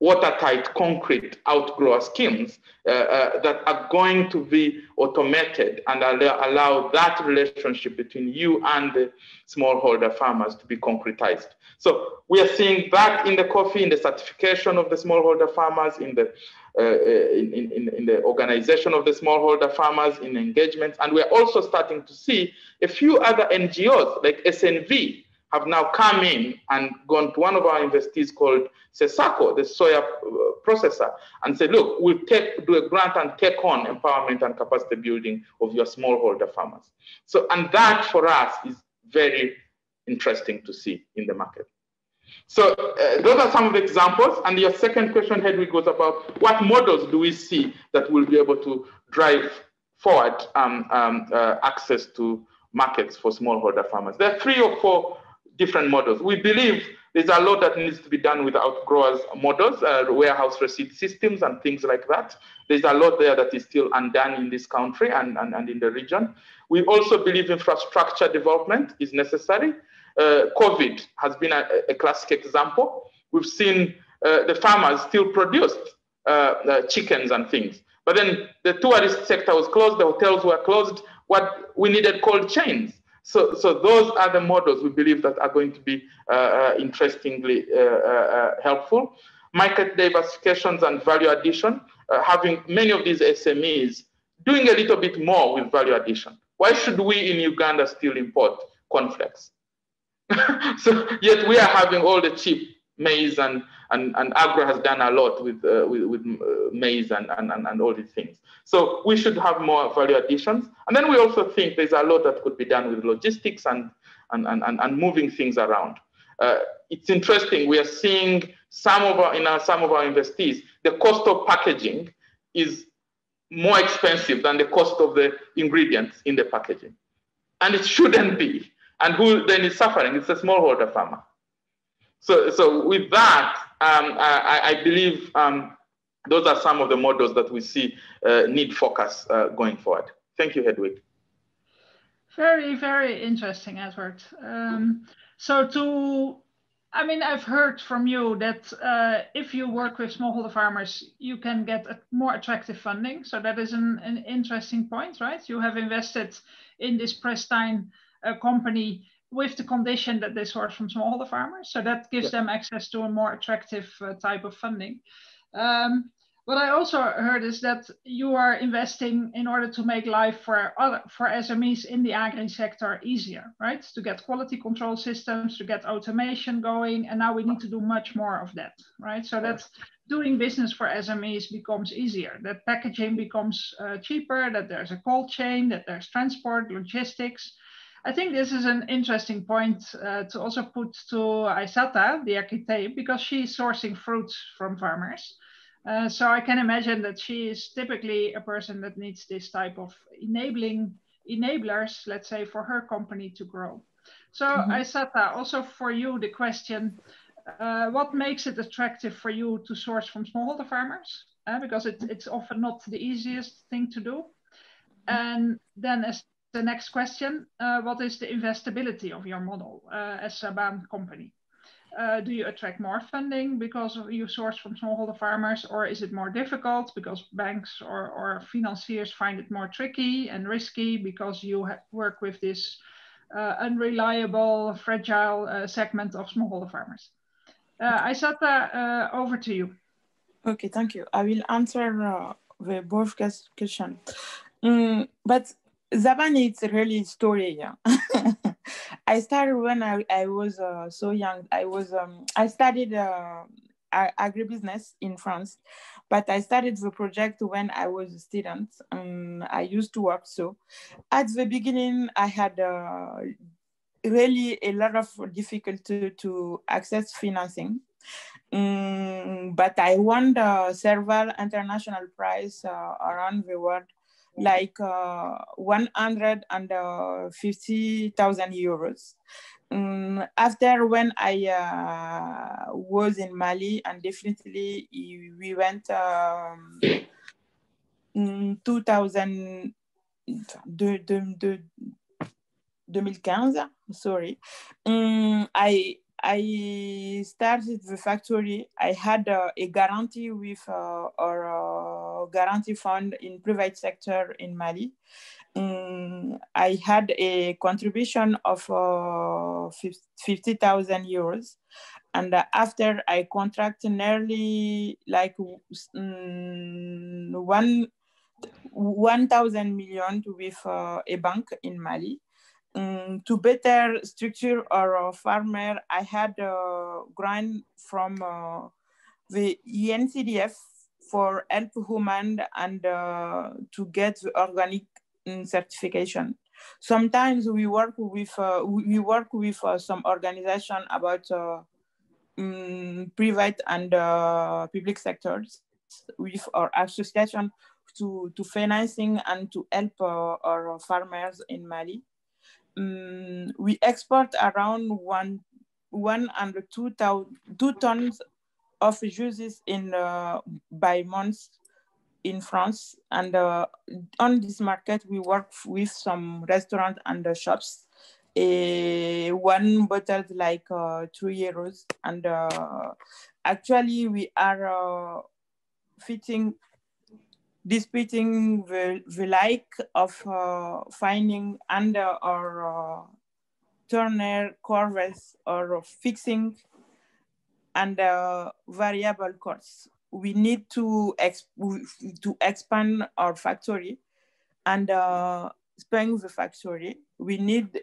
watertight concrete outgrower schemes uh, uh, that are going to be automated and allow, allow, that relationship between you and the smallholder farmers to be concretized. So we are seeing that in the coffee, in the certification of the smallholder farmers, in the uh, uh in, in, in the organization of the smallholder farmers, in engagements, and we're also starting to see a few other NGOs like SNV have now come in and gone to one of our investees called Sesako, the soya uh, processor, and said, look, we'll take, do a grant and take on empowerment and capacity building of your smallholder farmers. So, and that for us is very interesting to see in the market. So uh, those are some of the examples. And your second question, Hedwig, was about what models do we see that will be able to drive forward um, um, uh, access to markets for smallholder farmers. There are three or four different models. We believe there's a lot that needs to be done with outgrowers models, uh, warehouse receipt systems and things like that. There's a lot there that is still undone in this country and, and, and in the region. We also believe infrastructure development is necessary. Uh, COVID has been a, a, classic example. We've seen uh, the farmers still produced uh, uh, chickens and things. But then the tourist sector was closed, the hotels were closed. What we needed cold chains so, so those are the models we believe that are going to be uh, uh, interestingly uh, helpful. Market diversifications and value addition, having many of these SMEs doing a little bit more with value addition. Why should we in Uganda still import conflicts? so yet we are having all the cheap maize and, and, and agro has done a lot with, uh, with, with uh, maize and, and, and, all these things. So we should have more value additions. And then we also think there's a lot that could be done with logistics and, and, and, and, moving things around. Uh, it's interesting, we are seeing some of our, in our, some of our investees, the cost of packaging is more expensive than the cost of the ingredients in the packaging. And it shouldn't be. And who then is suffering? It's the smallholder farmer. So, so with that, um, I, I, believe um, those are some of the models that we see uh, need focus uh, going forward. Thank you, Hedwig. Very, very interesting, Edward. Um, so to, I mean, I've heard from you that uh, if you work with smallholder farmers, you can get more attractive funding. So that is an, an interesting point, right? You have invested in this Prestine uh, company with the condition that they source from smallholder farmers. So that gives them access to a more attractive uh, type of funding. Um, what I also heard is that you are investing in order to make life for other for SMEs in the agri sector easier, right? To get quality control systems, to get automation going, and now we need to do much more of that, right? So that doing business for SMEs becomes easier. That packaging becomes uh, cheaper. That there's a cold chain. That there's transport, logistics. I think this is an interesting point uh, to also put to Aisata, the Akite, because she's sourcing fruits from farmers. Uh, so I can imagine that she is typically a person that needs this type of enabling enablers, let's say, for her company to grow. So mm -hmm. Aisata, also for you, the question, uh, what makes it attractive for you to source from smallholder farmers? Uh, because it, it's often not the easiest thing to do. Mm-hmm. And then as the next question, uh, what is the investability of your model uh, as a BAM company? Uh, do you attract more funding because you source from smallholder farmers, or is it more difficult because banks or, financiers find it more tricky and risky because you work with this unreliable, fragile segment of smallholder farmers? Uh, Isata, over to you. Okay, thank you. I will answer the both questions, mm, but Zaban it's really story. Yeah. I started when I, I was uh, so young. I was um, I studied uh, agribusiness in France, but I started the project when I was a student. And um, I used to work so. At the beginning, I had uh, really a lot of difficulty to access financing. Mm, but I won the several international prize uh, around the world like uh, 150,000 euros. Um, after when I uh, was in Mali, and definitely we went um, in 2000, 2015, sorry, um, I I started the factory. I had uh, a guarantee with uh, our guarantee fund in private sector in Mali. Um, I had a contribution of uh, 50,000 euros. And uh, after I contract nearly like um, one, 1,000 million with uh, a bank in Mali um, to better structure our uh, farmer, I had a uh, grant from uh, the UNCDF for help human and uh, to get organic um, certification. Sometimes we work with uh, we work with uh, some organization about um, private and public sectors with our association to, to financing and to help our farmers in Mali. Mm, we export around one, one and two, two tons of juices in uh, by month in France. And uh, on this market, we work with some restaurants and uh, shops. A one bottle like uh, two euros. And uh, actually, we are uh, fitting disputing the, the like of uh, finding under or uh, Turner curves or fixing and variable costs. We need to, exp to expand our factory and uh, expand the factory. We need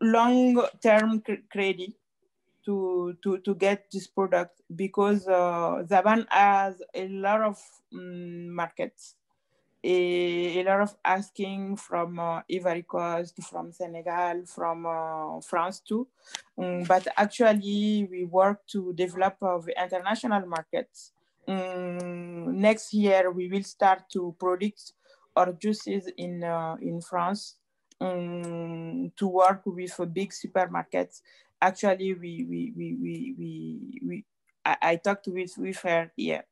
long-term credit to to to get this product because uh, Zaban has a lot of um, markets, a, a, lot of asking from uh, Ivory Coast, from Senegal, from uh, France too. Um, but actually, we work to develop uh, the international markets. Um, next year, we will start to produce our juices in uh, in France. Um, to work with a big supermarkets actually we we we we, we, we I, I talked with with her here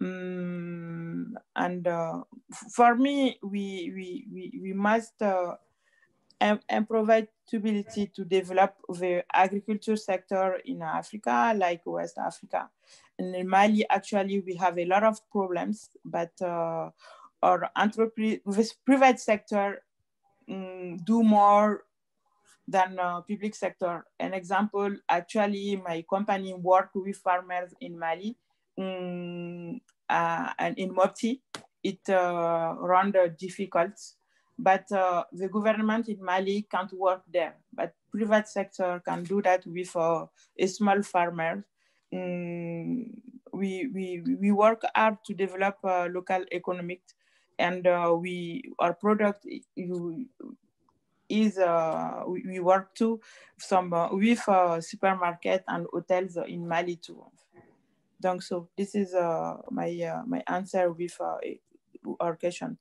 um, mm, and uh, for me we we we, we must uh, stability to develop the agriculture sector in Africa, like West Africa. And in Mali, actually, we have a lot of problems, but uh, our entrepreneur, private sector um, do more than uh, public sector. An example, actually, my company work with farmers in Mali um, uh, and in Mopti. It uh, rather difficult, but uh, the government in Mali can't work there. But private sector can do that with uh, a small farmer. Um, we, we, we work hard to develop uh, local economy, and uh, we our product you, is uh, we, we, work too some uh, with uh, supermarket and hotels in Mali too. Donc, so this is my my answer with eh, our questions.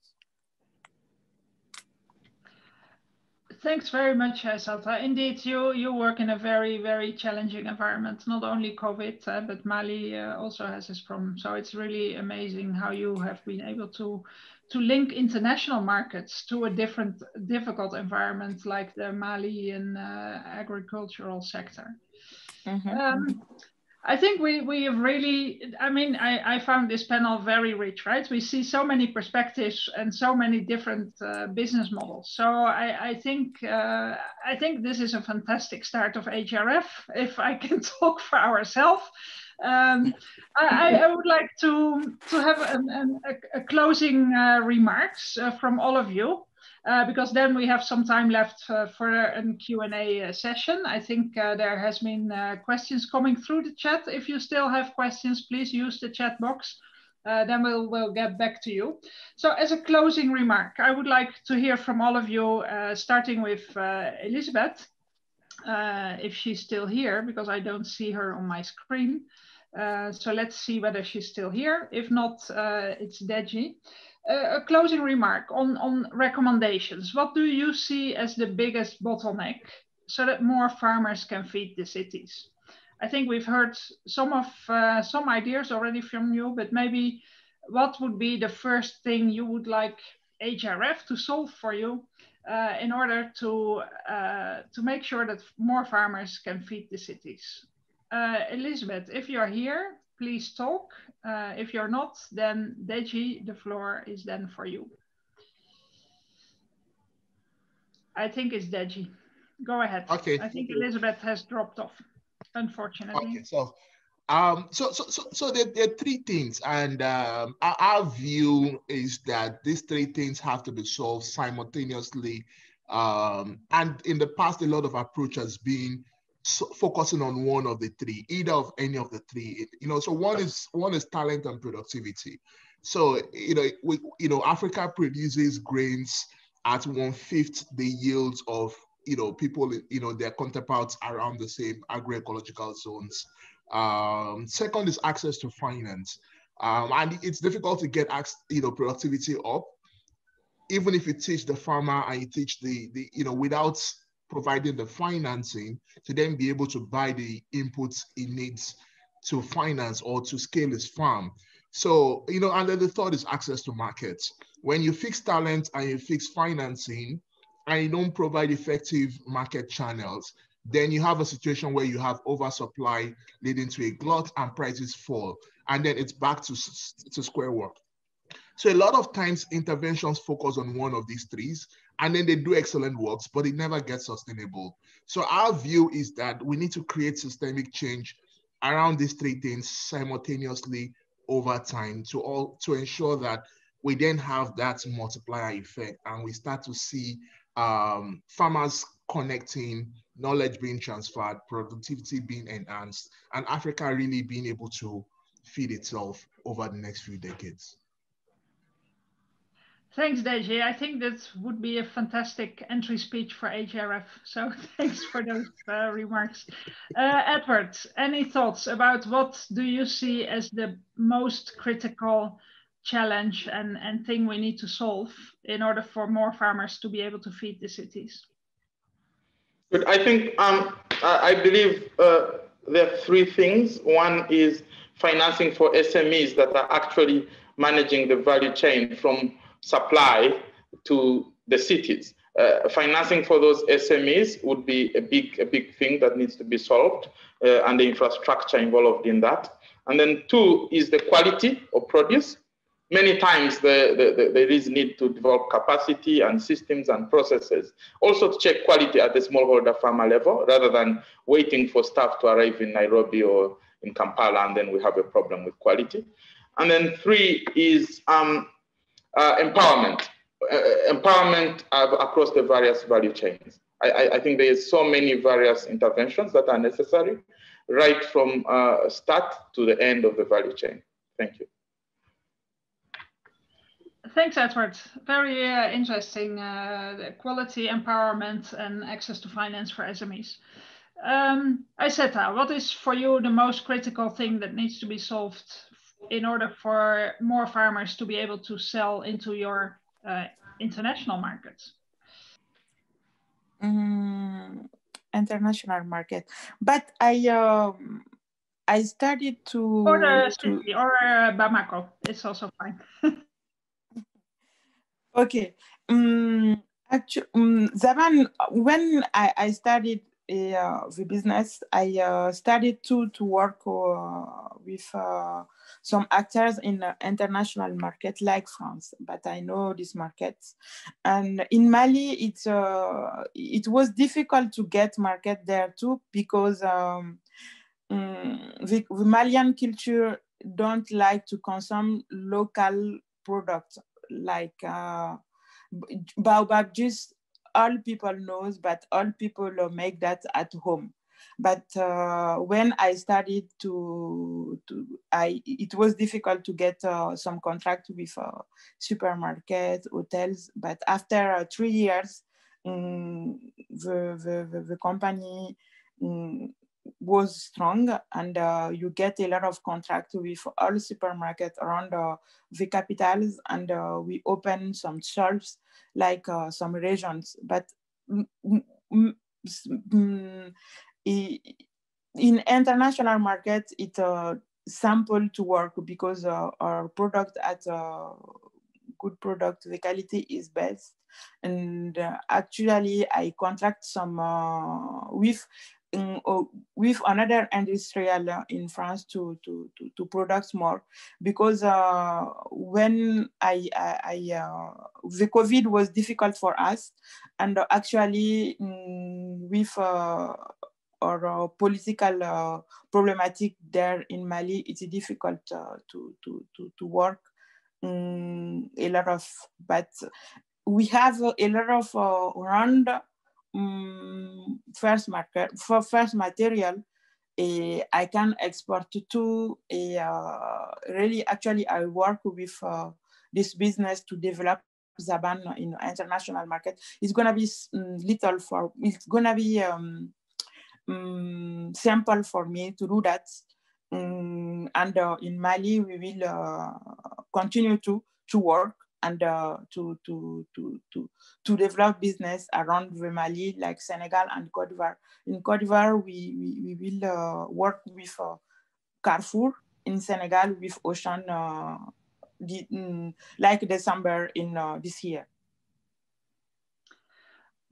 thanks very much, Salta. Indeed, you, you work in a very, very challenging environment, not only COVID, uh, but Mali uh, also has its problem. So it's really amazing how you have been able to to link international markets to a different difficult environment like the Malian uh, agricultural sector. Mm-hmm. Um, I think we, we have really, I mean, I, I found this panel very rich, right? We see so many perspectives and so many different uh, business models. So I, I think uh, I think this is a fantastic start of HRF, if I can talk for ourselves. Um, I, I, would like to, to have an, an, a, a, closing uh, remarks uh, from all of you. Uh, because then we have some time left for a Q&A uh, session. I think uh, there has been uh, questions coming through the chat. If you still have questions, please use the chat box. then we'll, we'll get back to you. So as a closing remark, I would like to hear from all of you, starting with Elizabeth, if she's still here, because I don't see her on my screen. Uh, so let's see whether she's still here. If not, uh, it's Deji. Uh, a closing remark on, on recommendations. What do you see as the biggest bottleneck so that more farmers can feed the cities? I think we've heard some of uh, some ideas already from you, but maybe what would be the first thing you would like HRF to solve for you uh, in order to to make sure that more farmers can feed the cities? Uh, Elizabeth, if you're here, please talk. Uh, if you're not, then Deji, the floor is then for you. I think it's Deji. Go ahead. Okay. I think Elizabeth has dropped off, unfortunately. Okay, so um, so, so, so, so there, there, are three things, and um, our, our, view is that these three things have to be solved simultaneously. Um, and in the past, a lot of approach has been so focusing on one of the three, either of any of the three. You know, so one is one is talent and productivity. So you know, we, you know, Africa produces grains at one fifth the yields of you know people you know their counterparts around the same agroecological zones. Um, second is access to finance, um, and it's difficult to get you know productivity up, even if you teach the farmer and you teach the the you know without providing the financing to then be able to buy the inputs it needs to finance or to scale its farm. So, you know, and then the third is access to markets. When you fix talent and you fix financing and you don't provide effective market channels, then you have a situation where you have oversupply leading to a glut and prices fall. And then it's back to, to square one. So a lot of times interventions focus on one of these threes and then they do excellent works, but it never gets sustainable. So our view is that we need to create systemic change around these three things simultaneously over time to all to ensure that we then have that multiplier effect and we start to see um, farmers connecting, knowledge being transferred, productivity being enhanced, and Africa really being able to feed itself over the next few decades. Thanks, Deji. I think that would be a fantastic entry speech for HRF. So thanks for those uh, remarks. Uh, Edward, any thoughts about what do you see as the most critical challenge and, and thing we need to solve in order for more farmers to be able to feed the cities? I think um, I believe uh, there are three things. One is financing for SMEs that are actually managing the value chain from supply to the cities. Uh, financing for those SMEs would be a big, a big thing that needs to be solved uh, and the infrastructure involved in that. And then two is the quality of produce. Many times the, the, the, there is need to develop capacity and systems and processes. Also to check quality at the smallholder farmer level rather than waiting for staff to arrive in Nairobi or in Kampala and then we have a problem with quality. And then three is um, uh, empowerment, uh, uh, empowerment across the various value chains. I, I, think there is so many various interventions that are necessary, right from uh, start to the end of the value chain. Thank you. Thanks, Edward. Very uh, interesting uh, quality empowerment and access to finance for SMEs. Um, Iseta, what is for you the most critical thing that needs to be solved in order for more farmers to be able to sell into your uh, international markets? Mm, international market, but I um, I started to or the to... or uh, Bamako. It's also fine. okay. Um, mm, actually, um, mm, Zaman, when I, I started uh, the business, I uh, started to to work uh, with uh, some actors in the international market like France, but I know this market. And in Mali, it's, uh, it was difficult to get market there too because um, mm, the, the Malian culture don't like to consume local products like uh, baobab juice all people knows but all people make that at home but uh, when I started to, to I, it was difficult to get uh, some contract with uh, hotels. But after uh, three years, um, the, the, the, the, company um, was strong and uh, you get a lot of contract with all supermarkets around uh, the capitals and uh, we open some shops like uh, some regions but mm, in international market, it's a sample to work because uh, our product at a uh, good product, the quality is best. And uh, actually, I contract some with in, uh, with another industrial in France to, to, to, to product more because uh, when I, I, I the COVID was difficult for us and actually mm, with or uh, political uh, problematic there in Mali, it's difficult uh, to, to, to, to, work mm, a lot of, but we have a lot of round um, mm, first market for first material uh, I can export to a eh, uh, really actually I work with uh, this business to develop Zaban in international market. It's gonna be mm, little for it's gonna be um, um, mm, simple for me to do that. Um, and uh, in Mali, we will uh, continue to, to work and uh, to, to, to, to, to develop business around the Mali, like Senegal and Cote d'Ivoire. In Cote d'Ivoire, we, we, we will uh, work with uh, Carrefour. In Senegal, with Ocean, the, uh, um, mm, like December in this year.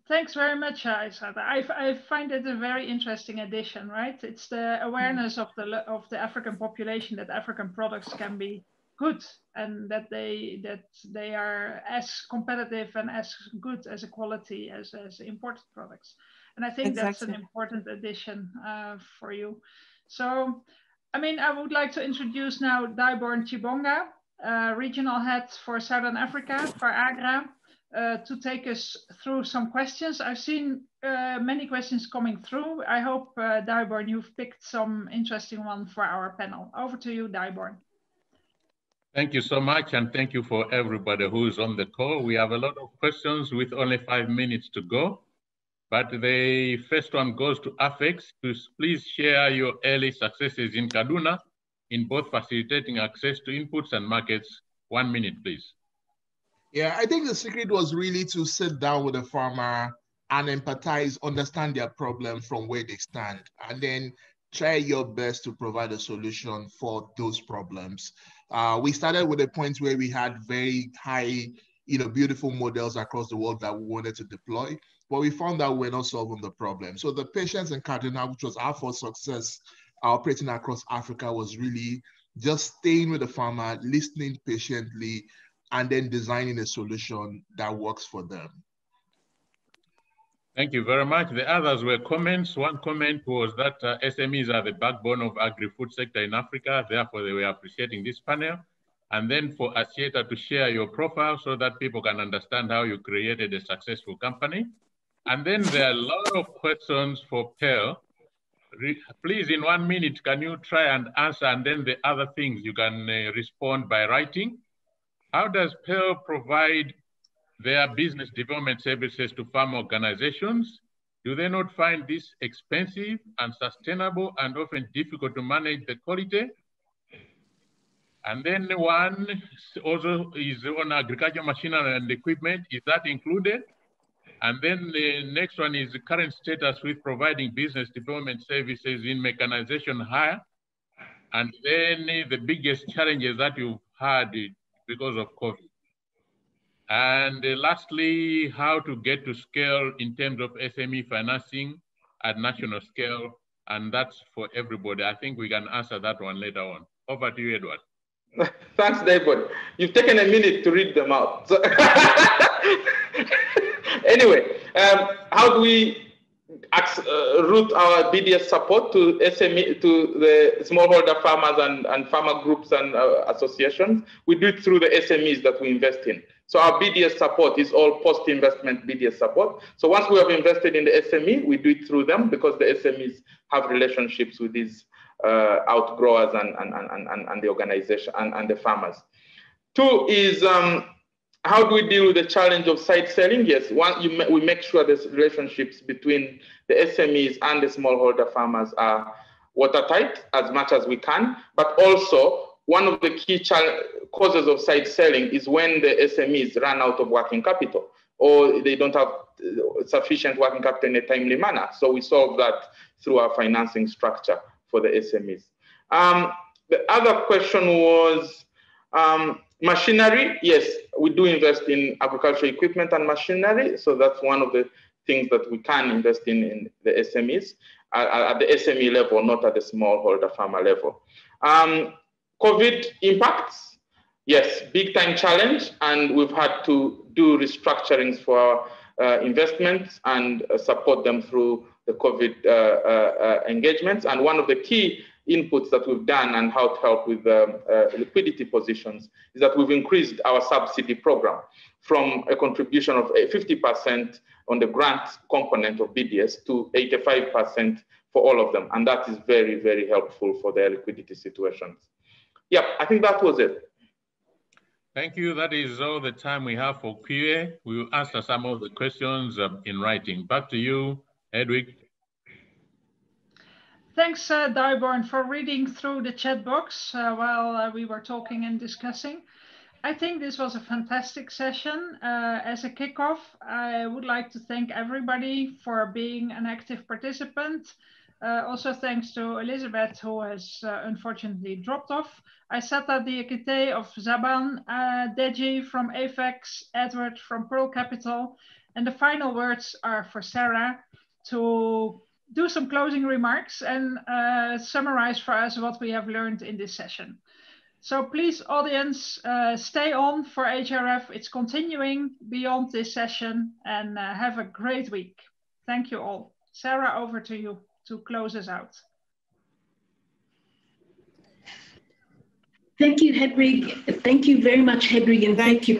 Thanks very much, uh, Aizad. I, I find it a very interesting addition, right? It's the mm. awareness of the of the African population that African products can be good and that they that they are as competitive and as good as a quality as as imported products. And I think exactly. that's an important addition uh, for you. So, I mean, I would like to introduce now Daiborn Chibonga, uh, regional head for Southern Africa for Agra. Uh, to take us through some questions. I've seen uh, many questions coming through. I hope, uh, Dyborn, you've picked some interesting one for our panel. Over to you, Dyborn. Thank you so much, and thank you for everybody who is on the call. We have a lot of questions with only five minutes to go, but the first one goes to AFEX. Please share your early successes in Kaduna in both facilitating access to inputs and markets. One minute, please. Yeah, I think the secret was really to sit down with the farmer and empathize, understand their problem from where they stand, and then try your best to provide a solution for those problems. Uh, we started with a point where we had very high, you know, beautiful models across the world that we wanted to deploy, but we found that we're not solving the problem. So the patience in Cardinal, which was our first success operating across Africa, was really just staying with the farmer, listening patiently, and then designing a solution that works for them. Thank you very much. The others were comments. One comment was that uh, SMEs are the backbone of agri-food sector in Africa. Therefore, they were appreciating this panel. And then for Asieta to share your profile so that people can understand how you created a successful company. And then there are a lot of questions for Pearl. please, in one minute, can you try and answer? And then the other things you can uh, respond by writing. How does Pell provide their business development services to farm organizations? Do they not find this expensive, unsustainable, and often difficult to manage the quality? And then one also is on agricultural machinery and equipment. Is that included? And then the next one is the current status with providing business development services in mechanization hire. And then the biggest challenges that you've had because of COVID. And uh, lastly, how to get to scale in terms of SME financing at national scale. And that's for everybody. I think we can answer that one later on. Over to you, Edward. Thanks, David. You've taken a minute to read them out. So anyway, um, how do we uh, route our BDS support to SME, to the smallholder farmers and, and farmer groups and uh, associations. We do it through the SMEs that we invest in. So our BDS support is all post-investment BDS support. So once we have invested in the SME, we do it through them because the SMEs have relationships with these uh, outgrowers and, and, and, and, and the organization and, and the farmers. Two is um, how do we deal with the challenge of site selling? Yes, one, you, we make sure the relationships between the SMEs and the smallholder farmers are watertight as much as we can. But also, one of the key causes of site selling is when the SMEs run out of working capital or they don't have uh, sufficient working capital in a timely manner. So we solve that through our financing structure for the SMEs. Um, the other question was, um, Machinery, yes, we do invest in agricultural equipment and machinery. So that's one of the things that we can invest in in the SMEs at the SME level, not at the smallholder farmer level. Um, COVID impacts, yes, big time challenge, and we've had to do restructurings for our uh, investments and uh, support them through the COVID uh, uh, uh, engagements. And one of the key inputs that we've done and how to help with um, uh, liquidity positions is that we've increased our subsidy program from a contribution of 50% uh, on the grant component of BDS to 85% for all of them. And that is very, very helpful for their liquidity situations. Yeah, I think that was it. Thank you. That is all the time we have for QA. We will answer some of the questions um, in writing. Back to you, Edwig. Thanks, uh, Dyborn, for reading through the chat box uh, while uh, we were talking and discussing. I think this was a fantastic session. Uh, as a kickoff, I would like to thank everybody for being an active participant. Uh, also, thanks to Elizabeth, who has uh, unfortunately dropped off. I the Equité of Zaban, uh, Deji from AFEX, Edward from Pearl Capital. And the final words are for Sarah to do some closing remarks and uh, summarize for us what we have learned in this session. So please, audience, uh, stay on for HRF. It's continuing beyond this session and uh, have a great week. Thank you all. Sarah, over to you to close us out. Thank you, Hedwig. Thank you very much, Hedwig, and thank you.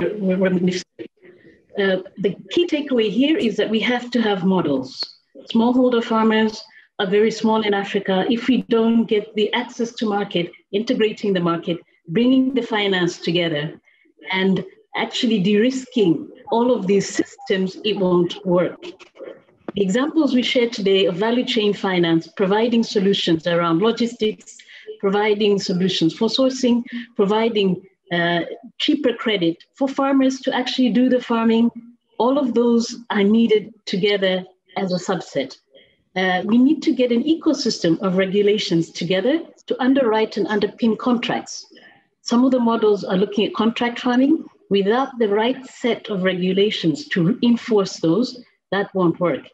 Uh, the key takeaway here is that we have to have models smallholder farmers are very small in Africa. If we don't get the access to market, integrating the market, bringing the finance together, and actually de risking all of these systems, it won't work. The examples we shared today of value chain finance providing solutions around logistics, providing solutions for sourcing, providing uh, cheaper credit for farmers to actually do the farming, all of those are needed together as a subset. Uh, we need to get an ecosystem of regulations together to underwrite and underpin contracts. Some of the models are looking at contract farming. Without the right set of regulations to enforce those, that won't work.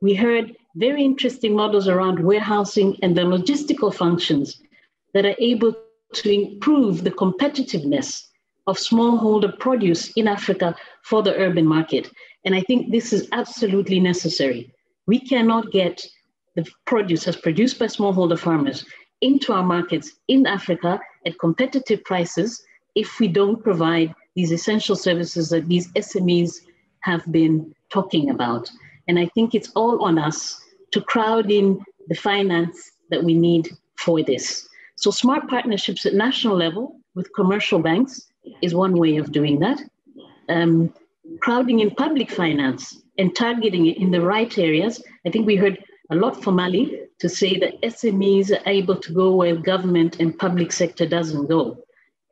We heard very interesting models around warehousing and the logistical functions that are able to improve the competitiveness of smallholder produce in Africa for the urban market. And I think this is absolutely necessary. We cannot get the produce as produced by smallholder farmers into our markets in Africa at competitive prices if we don't provide these essential services that these SMEs have been talking about. And I think it's all on us to crowd in the finance that we need for this. So, smart partnerships at national level with commercial banks is one way of doing that. Um, crowding in public finance and targeting it in the right areas. I think we heard a lot from Ali to say that SMEs are able to go where government and public sector doesn't go.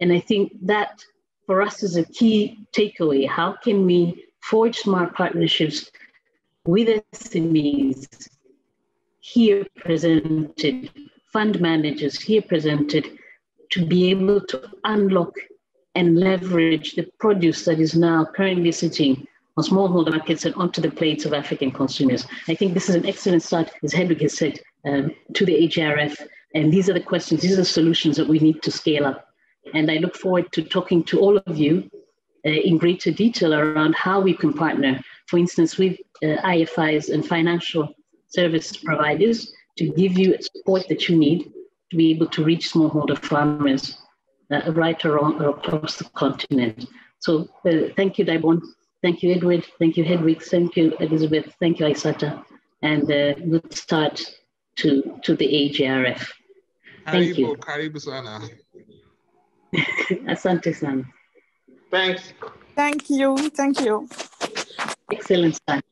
And I think that for us is a key takeaway. How can we forge smart partnerships with SMEs here presented, fund managers here presented, to be able to unlock and leverage the produce that is now currently sitting on smallholder markets and onto the plates of African consumers. I think this is an excellent start, as Hedwig has said, um, to the HRF. And these are the questions, these are the solutions that we need to scale up. And I look forward to talking to all of you uh, in greater detail around how we can partner, for instance, with uh, IFIs and financial service providers to give you support that you need to be able to reach smallholder farmers uh, right around across the continent. So uh, thank you, Dibon. Thank you, Edward. Thank you, Hedwig. Thank you, Elizabeth. Thank you, Isata. And uh, good start to, to the AGRF. Thank you. Karibu sana. Asante sana. Thanks. Thank you. Thank you. Excellent.